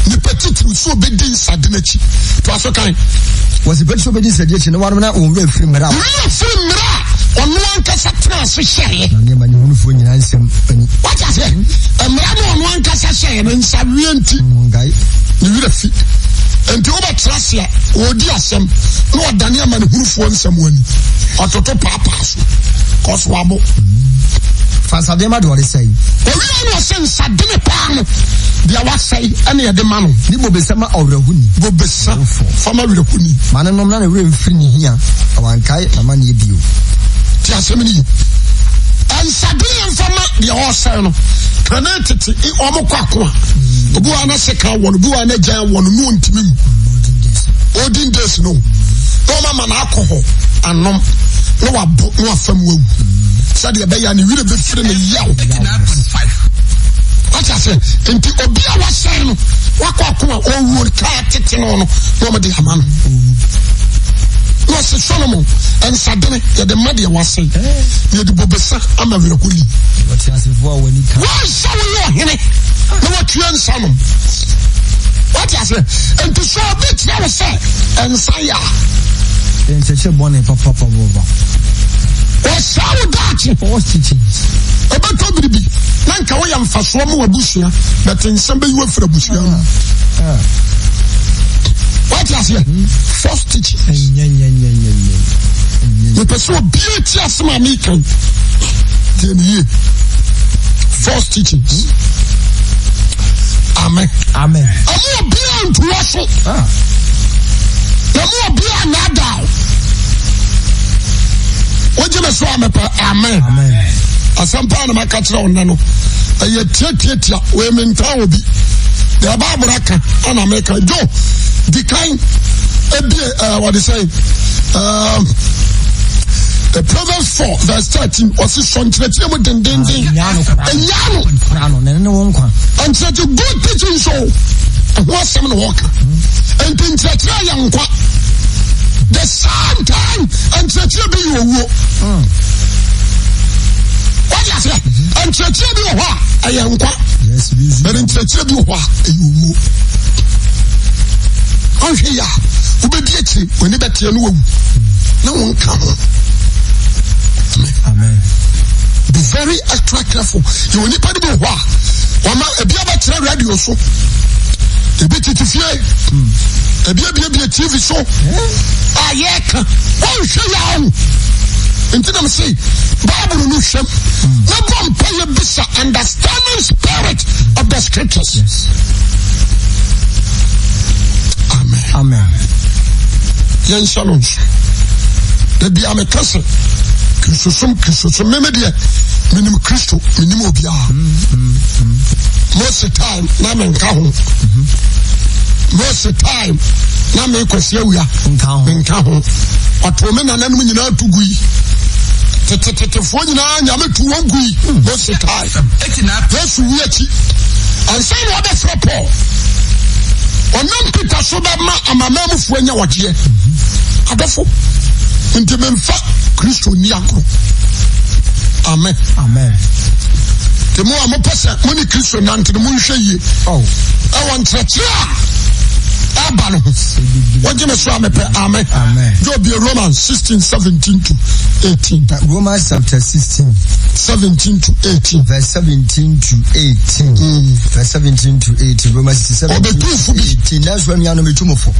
A: nipa titiri sɛ obɛdi nsadene akyi to aso kan wɔsipɛti sɛ obɛdi nsadi akyi na wanom na wɔn werɛ firi mmerɛ a werɛ firi mmerɛ a ɔno ankasa tena so hyɛreɛ na nneɛma ne hunufoɔ nyinaa nsɛm ani wɔde aseɛ mmerɛ no ɔno ankasa hyɛreɛ no nsaweɛ nti ne werɛ fi nti wobɛkyerɛ se a wɔdi asɛm na ɔdane ama ne hurufoɔ nsɛm wani ɔtoto paapaa so kɔso wabo fa nsadeɛ ma de ɔde sɛe ɔwia na ɔsɛ nsadene paa no deɛ wasɛe ɛne yɛde ma no ne bobesa ma ɔwerɛhoni bobesa fa ma werɛhoni ma ne nom na ne werɛ mfiri ne hia na wankae namanneɛ bio nti asɛm no yi ɛnsadene yɛmfa ma deɛ ɔsɛe no kane tete ɔmo kɔ ako a obi wa na sika wɔn obi wa na gyan wɔn nu ntumi mu olden days no na wɔn na akɔ hɔ anom na wabɔ na wafam wawu sɛdeɛ ɛbɛyɛ ne wiri bɛ firi ne yaw ɔkya sɛ nti obi a wahyɛn no wakɔ akoma ɔwuo tete no no na wɔn ama no. na ɔsɛ solomon nsadene yɛde mma deɛ wase eh? na yɛde bobesa ama werɛko li wansa woyɛ ɔhene na watua nsa nom wate aseɛ nti sɛ obi kyerɛ wo sɛ nsa yɛ a nkyɛkyɛ bɔne papapabɔba ɔsaa wo daakye ɛbɛtɔ biribi na nka woyɛ mfasoɔ ma wabusua bɛte nsɛm bɛyi wafiri abusua no ti aseɛ false teachings yɛpɛ sɛ obia ti asɛm a mekan deɛ meyie false teachings amen amen ɛmu obia ntoa so ɛmu a anaadaw wogye me so a ah. mepɛ amen asɛm paa na maka kyerɛ wo nna no ɛyɛ tiatiatia wei mentaa wɔ bi deɛ ɛbaabora ka ana meka jo the kind, di kan ebie ɛɛ wɔde sɛ ɛɛ. Proverbs 4 verse 13 ɔsi sɔ nkyerɛkyerɛ mu dendenden And no nkyerɛkyerɛ good teaching so ɛho asɛm na And nti nkyerɛkyerɛ yɛ nkwa the same time and bi yɛ owuo you. What sẹ́ nkyerɛkyerɛ bi wɔ hɔ a ɛyɛ nkwa bẹ́ẹ̀ ni nkyerɛkyerɛ bi wɔ hɔ you ɔhwe a wobɛdi akyiri w'ani bɛteɛ no wawu na wonka ho be very extra careful yɛwɔ nipa no bi wɔ hɔ a wɔma ebi abɛkyerɛ radio so ebi tete fie ebi abiabia tv so eh? a ah, yɛka wɔnhwɛ yɛ awo nti nam se bible no hwɛm na bɔ mpa yɛ bisa understanding spirit of the scriptures yes. Amen. Yen shanons. Debya me kese. Kisosom kisosom. Mene diye. Mene kristou. Mene moubya. Mose time. Nan menkahon. Mose time. Nan menkwese ouya. Mekahon. Mekahon. Ato men nanen mwenye nan tou gwi. Te te te te fwenye nan anye mwen tou an gwi. Mose time. Ekin ap. Mose time. Anse yon wade fwe pou. On nan pita sou da man, ama men mou fwenye wajye. Adafo, mwen te men fwa, kristyo ni akro. Amen. Te mwen an mwen pase, mwen ni kristyo nan, te mwen yon chenye, an oh. e wan chenye. aba no ho wogye so a mepɛ amen yɛ be romans 16 17 to 18 romans chapter 16 17 to 18 verse 17 to 18 mm. verse 17 to 18 romans 17 to 18 nanso anuanom ɛtumufo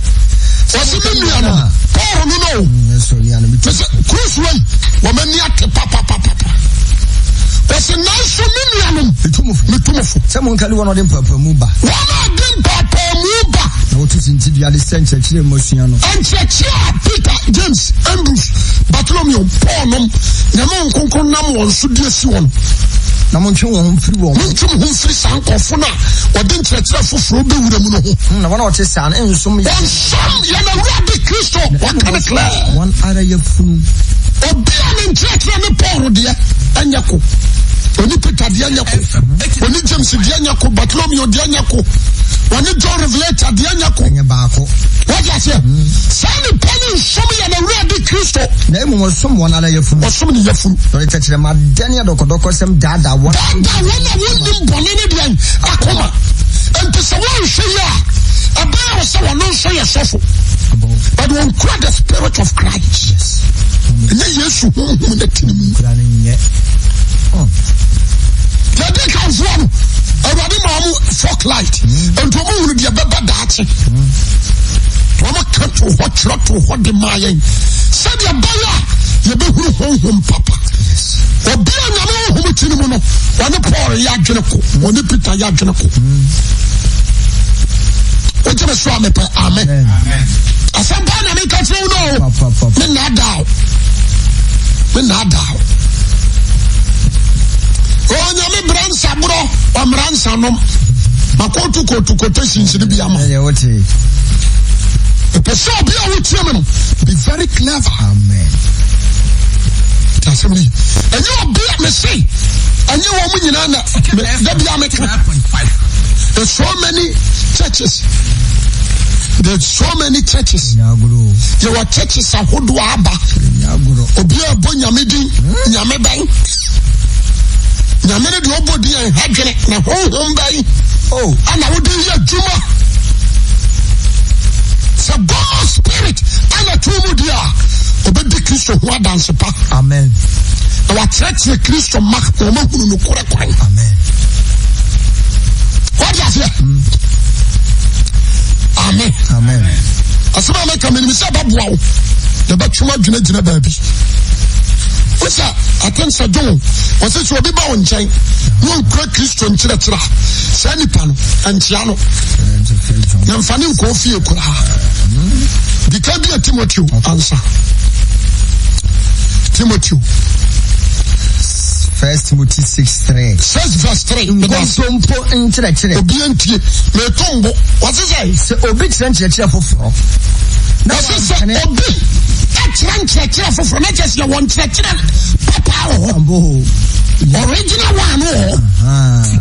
B: wɔse me nua no ah.
A: paul no no o kurus wei wɔm'ani ate papapapapa ɛsɛ nanso mi nuanom metumfo sɛ monkale wɔn ɔde mpaapamu ba wɔn a de mpaapamu ba na woto sinti dua de sɛ nkyerɛkyerɛ mmasua no nkyerɛkyerɛ a peter james andrews bartolomeo paul nom nyame nkonkron nam wɔn so de asi wɔn na montwe wɔn ho mfiri wɔn montwe mo ho mfiri saa nkɔfo no a wɔde nkyerɛkyerɛ foforɔ bɛwura mu no ho na wɔn a wɔte saa no nsom yɛ nsom yɛ na awurade kristo wɔka ne klɛ wɔn ara yɛ funu obi a ne nkyerɛkyerɛ ne ɛnyɛ ko oni peter deɛ nyɛ oni james deɛ nyɛ bartolomeo deɛ nyɛ ko john revelator deɛ nyɛ ko wɔde aseɛ saa nipa ne nsom yɛ na kristo na emu ɔsom wɔn ara yɛ funu ɔsom ne yɛ funu lɔri kyerɛkyerɛ ma dɛni adɔkɔdɔkɔ sɛm daadaa wɔn daadaa wɔn a wɔnim bɔne ne deɛ akoma nti sɛ wɔnhwɛ yɛ a ɛbɛyɛ wɔ sɛ wɔno nso yɛ sɔfo but wɔnkura the spirit of christ ɛnyɛ yesu honhom no yɛde no awurade mo light mm. hunu deɛ bɛba daakye mm. to hɔ kyerɛ to hɔ de maa yɛn sɛdeɛ bɛyɛ a yɛbɛhunu honhom papa obi a nyame honhom no ɔne paul yɛ adwene ko ɔne peter yɛ adwene ko mm. wogyeme so a mepɛ amen asɛmpa na meka kyerɛ wo no o me o mennaadaw onyame oh, brɛ nsa borɔ ɔmmra nsanom makɔtu kotukoto sinsini bi ama ɛpɛ sɛ obi a wotie me no be very clever amen asɛm ni ɛnyɛ obi a me se ɛnyɛ wɔn mu nyinaa na dabi a meka there's so many churches there's so many churches There were churches ahodoɔ aba obiaa bɔ nyame din nyame bɛn nyame no deɛ ɔbɔ din ɛnha oh, and I would ana wode yɛ adwuma sɛ god spirit ana to mu deɛ a ɔbɛdi kristo ho adanse pa amen na wakyerɛkyerɛ kristo ma na ɔmahunu nokorɛ kwan wode aseɛ mm amen asɛm a mɛka menim sɛ bɛboa wo yɛbɛtwom adwinagyina baabi wo sɛ atem sɛ dwon ɔsɛ sɛ obi ba wo nkyɛn na ɔnkura kristo nkyerɛkyerɛ a saa nnipa no ɛnkyea no
B: yɛmfa ne nkɔɔ
A: fie koraa di ka bi a Timotiu. First Timothy 6 3. 6 verse 3. Nkontompo nkyerɛkyerɛ. Obi ntie. Metombo. Wɔsi sɛ. Sɛ obi kyerɛ nkyerɛkyerɛ foforɔ. Na wɔsi sɛ obi ɛkyerɛ nkyerɛkyerɛ foforɔ na kyerɛ sɛ wɔn nkyerɛkyerɛ papa wɔ hɔ. Original one wɔ hɔ.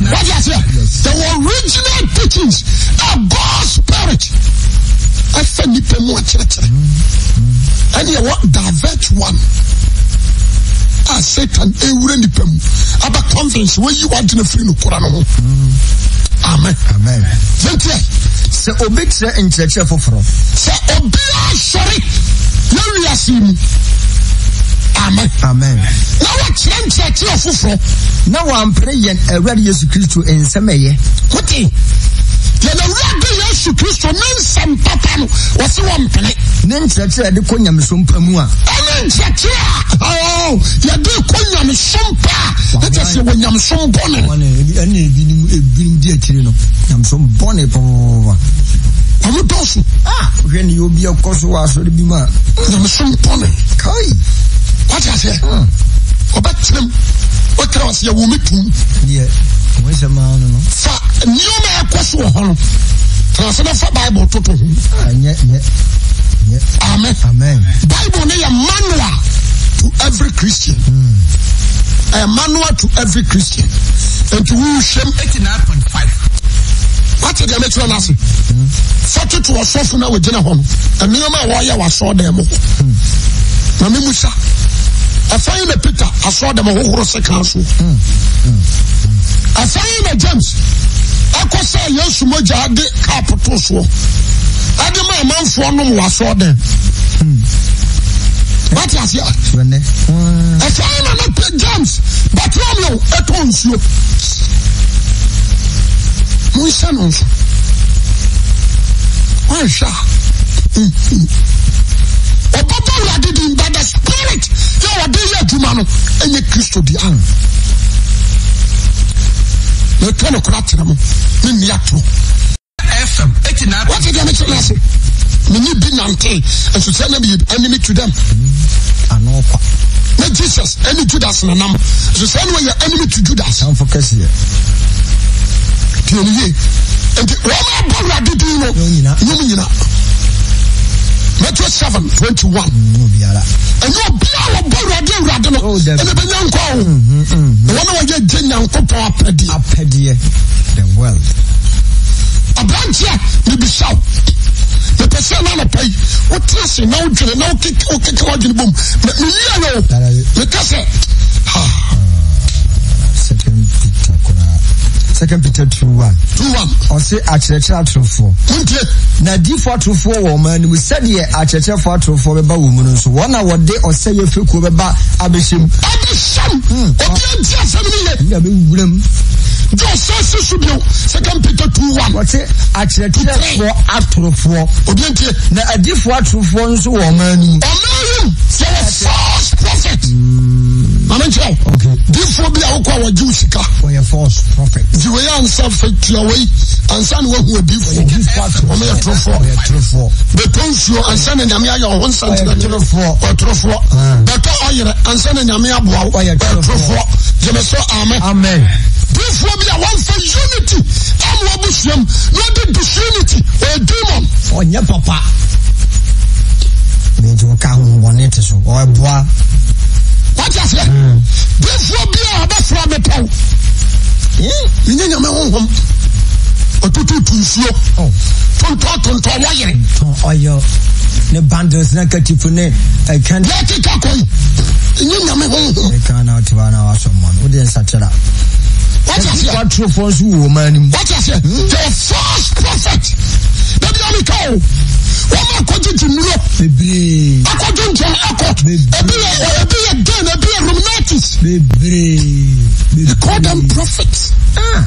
A: Wɔdi ase. The original teachings are God's spirit. Afa nipa mu akyerɛkyerɛ. Ɛni mm-hmm. ɛwɔ divert one. Eh, a satan ewura nipa mu aba conference wɔyi wadena firi no no ho amen amen fɛntiɛ sɛ obi kyerɛ nkyerɛkyerɛ foforɔ sɛ obiara sɔre na wiase mu amen amen na wakyerɛ nkyerɛkyerɛ foforɔ na wampere yɛn awurade yesu kristo nsɛm ɛyɛ wote yɛnawurade yesu kristo ne nsɛm papa no wɔse wɔmpene ne nkyerɛkyerɛ yɛde kɔ nyamesom pa mu a ɛne nkyerɛkyerɛ a yɛde kɔ nyamesom pa a ɛkyɛ sɛ wɔ nyamesom bɔne ɛne di akyiri no nyamesom bɔne pɔpɔpɔpɔpa ɔmo dɔɔso hwɛ ne yɛ kɔ so wɔ asɔre bi mu a nyamesom bɔne kai wate aseɛ hmm. ɔbɛkyerɛm wɔkyerɛ wɔ sɛ yɛwɔ me tum fa nneɛma so wɔ hɔ no tẹnase bible toto ho. Ah, amen amen bible ne yɛ manual to every christian. Mm. a manual to every christian. nti wúwú hyɛm. eighty nine point five. wate deɛ mɛkyerɛ no ase hmm. fa toto ɔsɔfo no a wɔgyina hɔ no nneɛma a wɔyɛ wɔ asɔɔdan mu hmm. na memu sa ɛfa yi na peter asɔɔdan mu hohoro sekan so hmm. afei na james akɔ sɛ yesu mogya ade kap to soɔ ade ma amanfoɔ nom wasɔɔ dɛn hmm. wate aseɛ afei na na james batromeo ɛtɔ nsuo monhyɛ no nso wanhwɛ a hmm. ɔbɛbɔ awurade din by the spirit yɛ wɔde yɛ adwuma no ɛnyɛ kristo dea mɛka no kora kyerɛ mo ne nni atoro wɔte deɛ mekyerɛ ase menye bi nante nso sɛ na meyɛ enemy to them na jesus ɛne judas nanam nso sɛ ne wɔyɛ enemy to judas tiɛneye nti wɔma abɔ awurade din no nom nyina Matthew 7 21. And you be our radon Radino, and the Benyanko. The one who get Jenyanko Apedi. Apedi, the world. A you be shout. The person on a pay, what trust you now, Jenna, now kick, okay, come boom. But me, the cassette. second peter two one. two one. ɔsi akyerɛkyerɛ atorofo. ntie. na diifo atorofo wɔ ɔman anim sɛdeɛ akyerɛkyerɛfo atorofo bɛba wɔn mu no nso wɔn a wɔde ɔsɛ yɛ firi kuo bɛba abɛhyɛm. abɛhyɛm. obi a ti asɛm ni yɛ. ebi a bɛ wura mu. di ɔsɛ si so bi o second peter two one. wɔte akyerɛkyerɛfo atorofo. obi ntie. na adiifo two nso wɔ ɔman anim. ɔman anim. sɛ wɔ false prophet. Hmm. maame nkyɛn diifoɔ bi a wokɔ a wɔgye wo sika diwe yɛ ansa fɛtiawei ansa ne wahu adiifoɔ ɔmo yɛ torofoɔ bɛtɔ nsuo ansa ne nyame ayɛ ɔho nsantenatorofoɔ ɔtorofoɔ bɛtɔ ah. ɔyerɛ ansa ne nyame aboa wo ɔtorofoɔ gyeme so amen diifoɔ bi a wɔmfa unity ama wabusuam na ɔde disunity ɔyɛ demon ɔnyɛ papa menti wɔka ahohobɔne te so ɔɛboa wati aseɛ difoɔ bi a ɔbɛfra mi pɛw nyɛ nyame honhom ɔtutu tu nsuo tontɔ tontɔ wɔyere. ɔyɔ ne bundles ne katipu ne ɛkan. yɛ kika kɔn nyɛ nyame honhom. ɛkan na ɔtiba na wasɔ mɔni o de nsakyera. That's it. What The first prophet. Baby, I'm Wọ́n máa kọjú ti mìíràn. Bebree. Akọjú ń jẹ akọ. Bebree. Ebi yẹ ebi yẹ den ebi yẹ ruminatis. Bebree. They call them prophets. Ah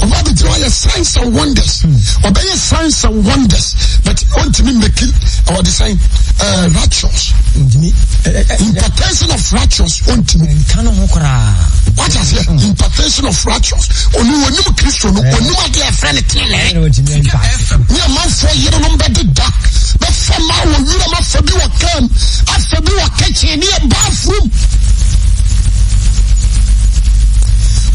A: ɔba bi gyina ɔyɛ signs and wonders ɔbɛyɛ signs and wonders but ɔntumi mmeki ɔde sign ɛɛ uh, raptures impartation of raptures ɔntumi. nkanu ho koraa. wájà sẹ of raptures òní onímù kristu ní onímù adé ẹfẹ ni tẹlẹ. ní amanfo yẹn ló ń bẹ di da bẹ fẹ máa wọ wúrọ máa fẹ bí wọ kẹm afẹ bí wọ kẹkẹ ní ẹ bá fún.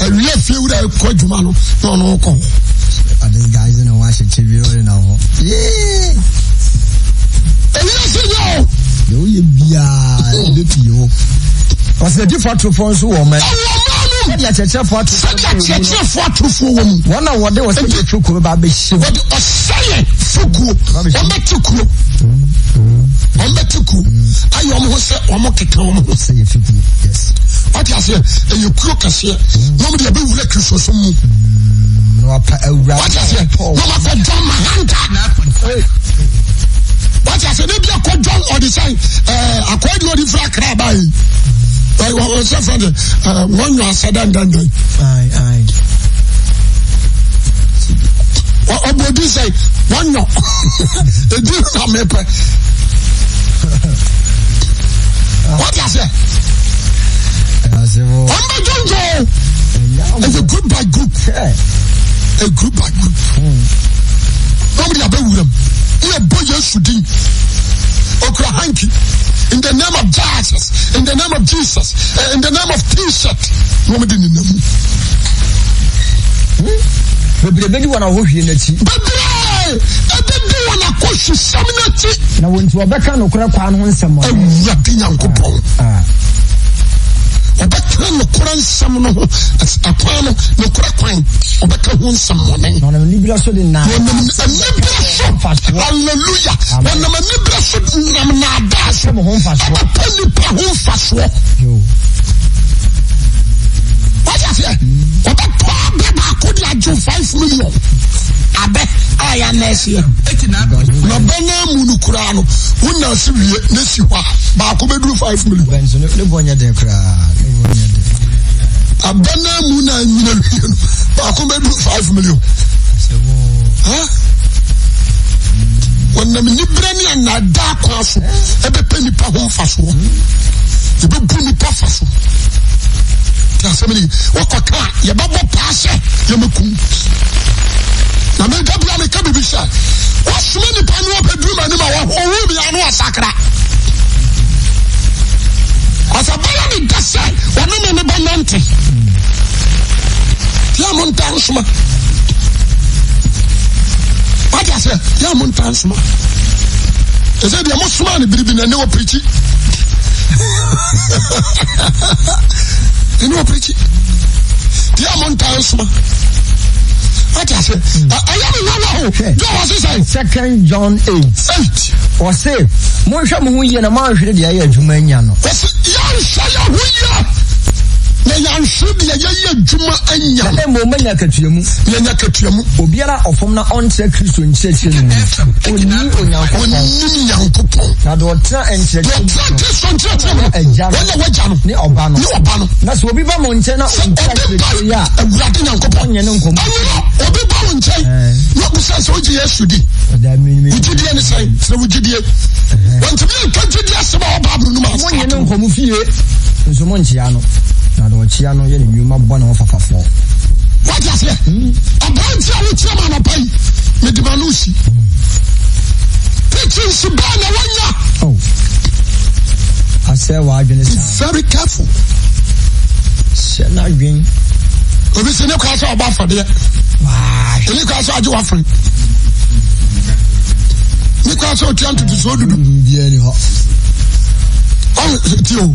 A: awie fie wura kɔ adwuma no na ɔno kɔ adengaise na wahyekyɛ wiɔre na hɔ ɛwia se nyɛ o deɛ woyɛ biaa ɛbɛpie hɔ ɔsɛdifoɔ atorofoɔ nso wɔ mɛ sɛdeɛ akyerɛkyerɛfoɔ atorofoɔ wɔ mu wɔn a wɔde ɔsɛyɛ fokuro ba abɛhyɛ mu wɔde ɔsɛyɛ fokuro wɔmɛte kuro wɔmɛte kuro ayɛ wɔn ho sɛ wɔn keka wɔn ho sɛyɛ fokuro yes wati aseɛ ɛyɛ kuro kɛseɛ wɔn deɛ bɛ wura kristu so mu wati aseɛ wɔn akɔ john mahanta wati aseɛ ne bi akɔ john eh, ɔdi eh, sɛ ɛɛ akɔɛ di ɔdi fira akra aba yi ɛɛ wɔn sɛ fɛn de ɛɛ eh, wɔn nyɔ asɛ dandandan ɔbɔ di sɛ wɔn nyɔ edi na mepɛ wati aseɛ ọmọdéjọ is a group by group a group by group Nobody lọ́mọdé abẹ́wura mu ní ẹ̀ bọ́ yẹn dín okura hanky in the name of Jesus in the name of Jesus uh, in the name of t-shirt lọ́mọdé ní nàmú. bebree bɛ di wɔn ahɔ hwie n'akyi. bebree ebi di wɔn akɔ hwie sɛm n'akyi. na wɔn ti wɔbɛka n'okura kwan ho nsɛm. ewura di nyanko pɔn ɔbɛtena nokora nsɛm no ho akwan no nokora kwan ɔbɛka ho nsɛm wɔne ɔnam anibira so aleluya ɔnam anibira so nam naadaa so ɛbɛpa nnipa ho mfasoɔ wagyaseɛ ɔbɛtɔ abɛ baako de agyew 5 million abɛ a yɛ anɛɛseɛ na ɔbɛ no amu no koraa no wona se wie si hɔ a baako bɛduru 5 million abɛ no amu no anyina wie no baako bɛduru 5 million wɔnam niberɛ ne anadaa kwa so ɛbɛpɛ nipa ho mfasoɔ yɛbɛbu nipa fa so nti asɛm ne wɔkɔka a yɛbɛbɔ paa sɛ yɛmɛkum Na men gabyan me kebi bishan. Wa sumen ni pan yon pe dwi man yon ma wak. Ou wim yon wak sakra. A sa bayan mi dasen. Wan nou men yon ban yon te. Diyan moun tansman. Baki a se. Diyan moun tansman. E se diyan moun suman ni bilibine. Nen yo prichi. Nen yo prichi. Diyan moun tansman. What is it? I am not know. John was saying. Second John 8. 8. Or say, Mosha Muya and Marsh, the Ayajumanian. Yes, Yan Shaya Huya. yɛyɛ adwuma anya na mmom manya katua mu yɛnya katua mu obiara ɔfam na ɔnkyerɛ kristo nkyerɛkyerɛ no ɔnim onyankopɔn nyankopɔn na de ɔtena nkyerɛkyerɛ no agya no wɔne wagya no ne ɔba no ne ɔba no na sɛ obi ba mo nkyɛn na ɔnkura kyerɛkyerɛ yi a awurade nyankopɔn ɔnyɛ ne nkɔmmɔ ɛno obi ba wo nkyɛn na ɔbusa sɛ wogye yesu di wogyidie ne sɛn sɛ wogyidie wɔntumi nka gyidie asɛm a ɔba abro no mu asɛ monyɛ ne nkɔmmɔ fie nso monkyea no na deɛ ɔkyea no yɛ ne nneɛma bɔ na ɔfafafoɔ. wagya seɛ aberante a wokyerɛ ma anapa yi mede ma no si teachings baa na wanya oh. asɛ waadwene sa very careful hyɛ no adwen obi sɛ ne kora sɛ ɔbɔ afɔdeɛ ɛne kora sɛ agye wafere ne kora sɛ ɔtua ntoto so odudu mm, biaa ni hɔ tio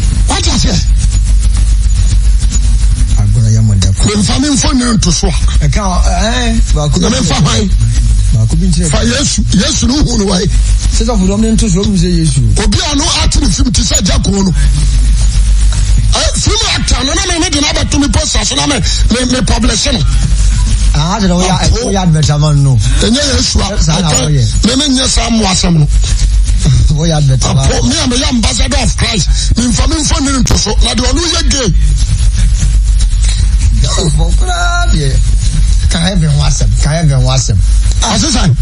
A: wati aseɛ memfa me mfo ne nto so a memfa hwan fa yesu yesu ne wohu no wae obi a no ate ne fim te sɛ gya koo no fim acta no na meme de no abɛto me posta so na mepublishe no ɛnyɛ yesu a meme nyɛ saa mmoasɛm no Christ wo advert. Apo mi a mi yɛ ambassador of Christ mi nfa mi nfa nini to so na de ɔno yɛ gay. Yàtọ̀ kura deɛ kan yɛ bɛn ho asɛm kan yɛ bɛn ho asɛm. Asisan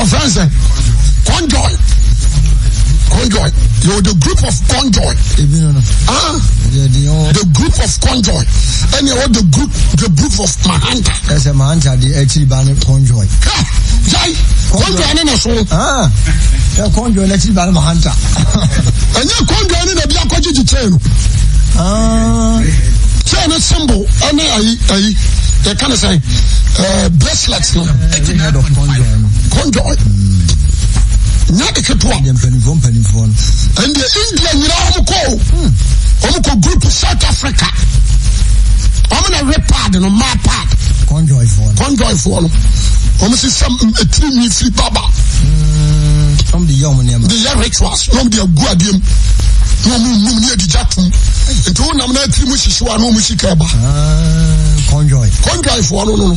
A: ɔfɛn sɛ kɔnjɔi. conjoy. You're the group of conjoy. Ah, the group of conjoy. And you're the group, the group of Mahanta. As a Mahanta, the actually banner conjoy. Jai, conjoy and a soul. Ah, the conjoy and actually banner Mahanta. And your conjoy and a black coach to tell. Ah, tell a symbol, and I, I, they kind of say, uh, bracelets. No? Conjoy. Conjoy. nye eketewa ɛndeɛ india nyinaa ɔmo kɔ ɔmo kɔ group south africa ɔmo na repad no maa pad conjoyfoɔ no ɔmo sisa etiri nwi firi baba mm, de yɛ rituals na de agu adeɛ mu na ɔmo num ne adigya tom nti wo nam na atiri mu hyehyewa na ɔmo sika ɛba ah, conjoyfoɔ no no no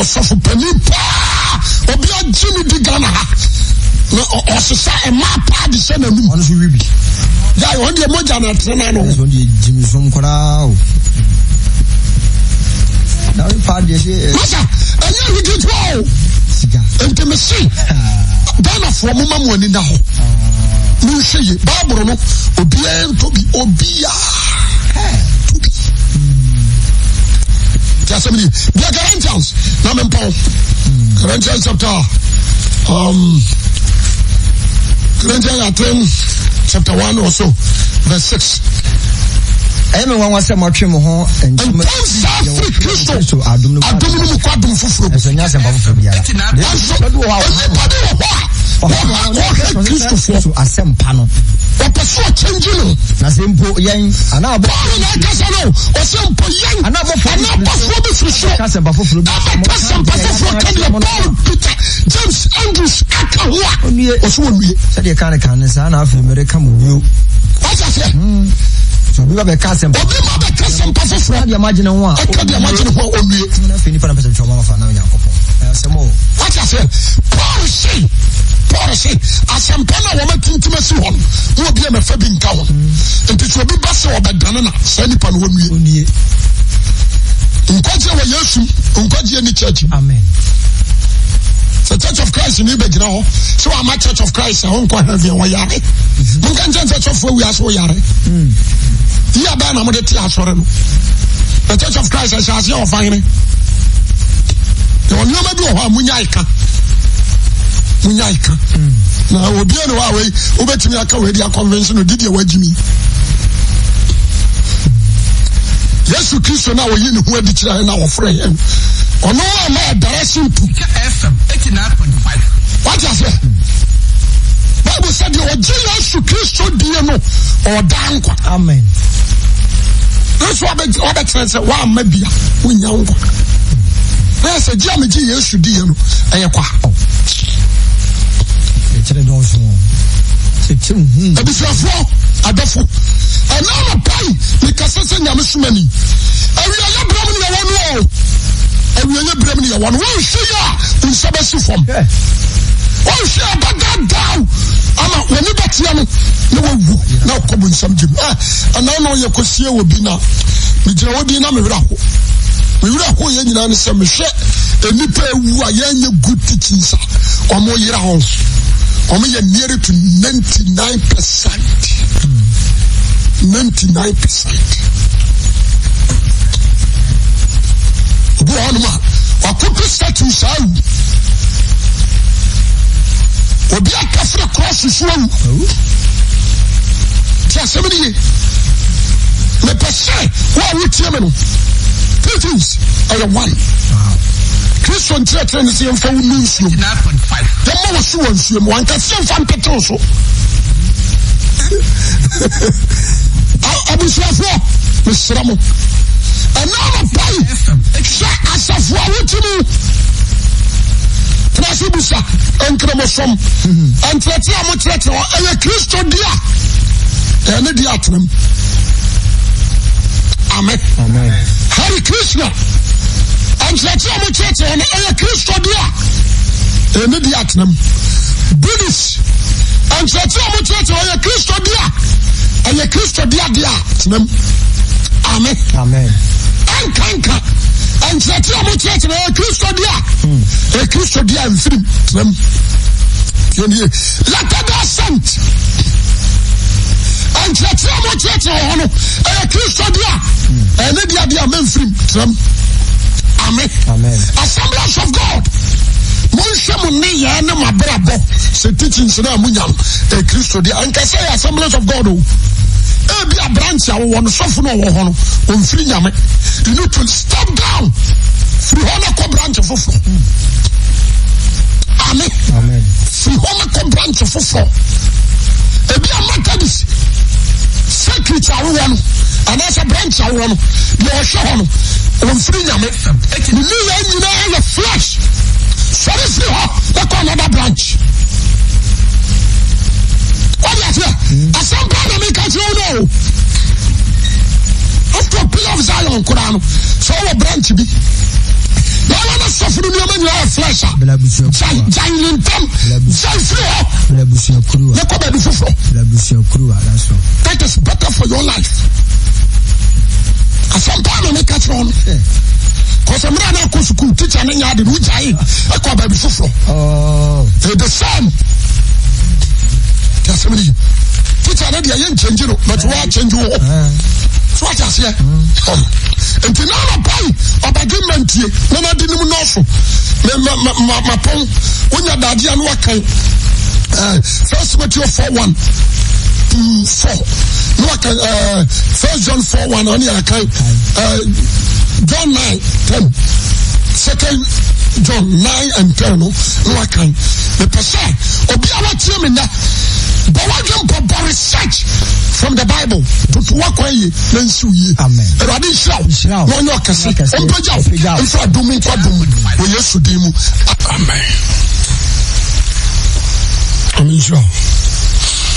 A: ɔsɔfo panin paa obi agye me di ghana ha na ɔsesa ɛmaa paa de hyɛ n'anum. ɔno nso wi ya wɔn deɛ mogya na ɛtena n'ano. wɔn jimi fam koraa o. na wɔn paa deɛ se. masa ɛnyɛ ahuditɔ o. siga. ntemesi ah. ghanafoɔ mo ma mo ani na hɔ. Ah. mo n se ye baaburo no obiara ntobi obiara tobi. ni bia Corinthians na mi hmm. Corinthians chapter. Um, nanti ayɛ chapter one or so verse six. ɛyɛ mi wɔn wɔsɛ mɔtwe mu ho ntoma firi kristo adum no mu kɔ adum foforɔ mu ɛsɛ nyɛ asɛmpa foforɔ biara ɛnso onipa bi wɔ hɔ a ɔhɛ kristofoɔ asɛmpa no ɔpɛ sɛ ɔkyɛngye no na sɛ mpo yɛn anaa paul na ɛkasa no ɔsɛ mpo yɛn anaa bɔfoɔ bi firi so ɛbɛka sɛmpa foforɔ ka deɛ paul peter james andrews aka ho a ɔsɛ wɔnnue sɛdeɛ ka ne ka ne saa na afei mereka mo bio ɔsɛ sɛ obi ma bɛka asɛmpa obi ma bɛka asɛmpa foforɔ ɛka deɛ magyene ho a ɛka deɛ magyene ho a ɔnnue na afei nipa na pɛ sɛ twɛ ɔma ma fa na onyankopɔn ɛsɛm o wɔte asɛ paul sei Ase mpona wame tin ti me silon Yon biye me fe bin kawon mm. Enti sou bi basen wabed danen a Se nipan wen wye Nkwajye woyen sou Nkwajye ni chedji Se Church of Christ in yi bejina ho Se waman Church of Christ se houn kwa hevye woyare Mwen mm-hmm. kanjen Church of Christ woyare mm-hmm. Yon ben amode ti asore Church of Christ se asye wafayne Yon yon mebi waman mwenyay ka munya ika na obia ne wa wei wobɛtumi aka wei de akɔnvention odi deɛ wagyi mi yesu kristo na wɔyi ne ho adi kyerɛ na wɔfrɛ yɛn ɔno a ma ɛdara se mpu wagya sɛ bible sɛ deɛ ɔgye yesu kristo die no ɔda nkwa amen nso wabɛkyerɛ sɛ woamma bia wonya nkwa na sɛ gye a megye yesu die no ɛyɛ kwa kyerɛ dɔɔso abisuafoɔ adɔfo ɛna anapai mekasa sɛ nyame soma ni awiayɛ berɛ m ne yɛwɔ no o awiayɛ berɛ m ne yɛwɔ no wonhwe yɛ a nsa bɛsi fam wonhwe a bɛdadaaw ama w'ani bɛteɛ no na wawu na wokɔbo nsɛm gyem ɛnaa na ɔyɛ kɔsie wɔ bi na megyina wɔ bi na mewerɛ ho mewerɛ ho yɛ nyinaa ne sɛ mehwɛ nnipa awu a yɛanyɛ good teaching sa ɔmo yerɛ ho ɔmo yɛ nearly to ninety nine percent ninety nine percent obi wɔ hɔnom a wakoto statue saa wu obi akafra cross so awu ti asɛm ni ye mepɛ sɛ wo a wotie me no two things ɛyɛ one kristo nkyerɛkyerɛ ne sɛ yɛmfa wo nu nsuom yɛma wo so wɔ nsuom wankɛse yɛmfa mpetero so abusuafoɔ mesrɛ mo ɛna anɔpai hwɛ asafoɔ a wotimi tenase busa ɛnkrɛmɔsɔm ɛntrɛtere a motrɛtere hɔ ɛyɛ kristo di a ɛne di atenam amen hare krishna nkyerɛkyerɛ mu kyerɛkyerɛ no ɛyɛ kristo deɛ ɛne deɛ atenam buddhist nkyerɛkyerɛ mu kyerɛkyerɛ ɛyɛ kristo deɛ ɛyɛ kristo deɛ deɛ atenam amen ɛnkanka nkyerɛkyerɛ mu kyerɛkyerɛ ɛyɛ kristo a ɛyɛ kristo deɛ mfirim tenam yɛnie latada sent nkyerɛkyerɛ mu kyerɛkyerɛ wɔ hɔ no ɛyɛ kristo deɛ ɛne deɛ deɛ a memfirim tenam Amen. Amen. Assemblies of God. Monsha muni ya ne mabrabo. Se teaching sira munyam. E Kristo di ankasa Assemblies of God. Ebi a branch awo wono sofu no wo hono. Omfiri nyame. You need to step down. Firi hɔ na kɔ branch foforɔ. Amen. Firi hɔ na kɔ branch foforɔ. Ebi a Methodist. Secretary awo wono. Anaasɛ branch awo wono. Deɛ ɔhwɛ hɔ no. ɛwɔmfiri nyame ɛti ne neyɛ nyinaa yɛ flash, sɔre firi hɔ bɛkɔ another branch wadeaseɛ asɛmpa na meka kyerɛ wo no o after pillar of zion koraa no sɛ wowɔ branch bi yàrá náà sọfúnni ní ọmọ ènìyàn yẹ flesh a jàyìnì ntọ́m jàyìn firi hɔ yẹ kọ́ bẹ̀ẹ́dì fúfurọ̀ that is better for your life. asɛmpa na ne ka kyerɛ ɔno kɔsɛ mmerɛ na akɔ sukuu tikya ne nya ade no wogyae ɛkɔ baabi foforɔ ɛde oh. sɛm nti asɛm no yi tikya no deɛ yɛnkyɛngye no but woakyɛngye wo so wate aseɛ hmm. nti na anɔpai ɔbadwe ma ntie na nade nom nɔɔso mapɔn wonya daadea no wakan eh, first four one, two four. Look uh, 1 John 4 1 on your account. Uh, John nine Second John 9 and 10. No, look at the person. Obi team in that. But what you research from the Bible. But what can ye. then show ye? Amen. show. Show. No, no, Cassie. Umpaja. If I do me, what do me? Will you sue Amen. Amen. Sure.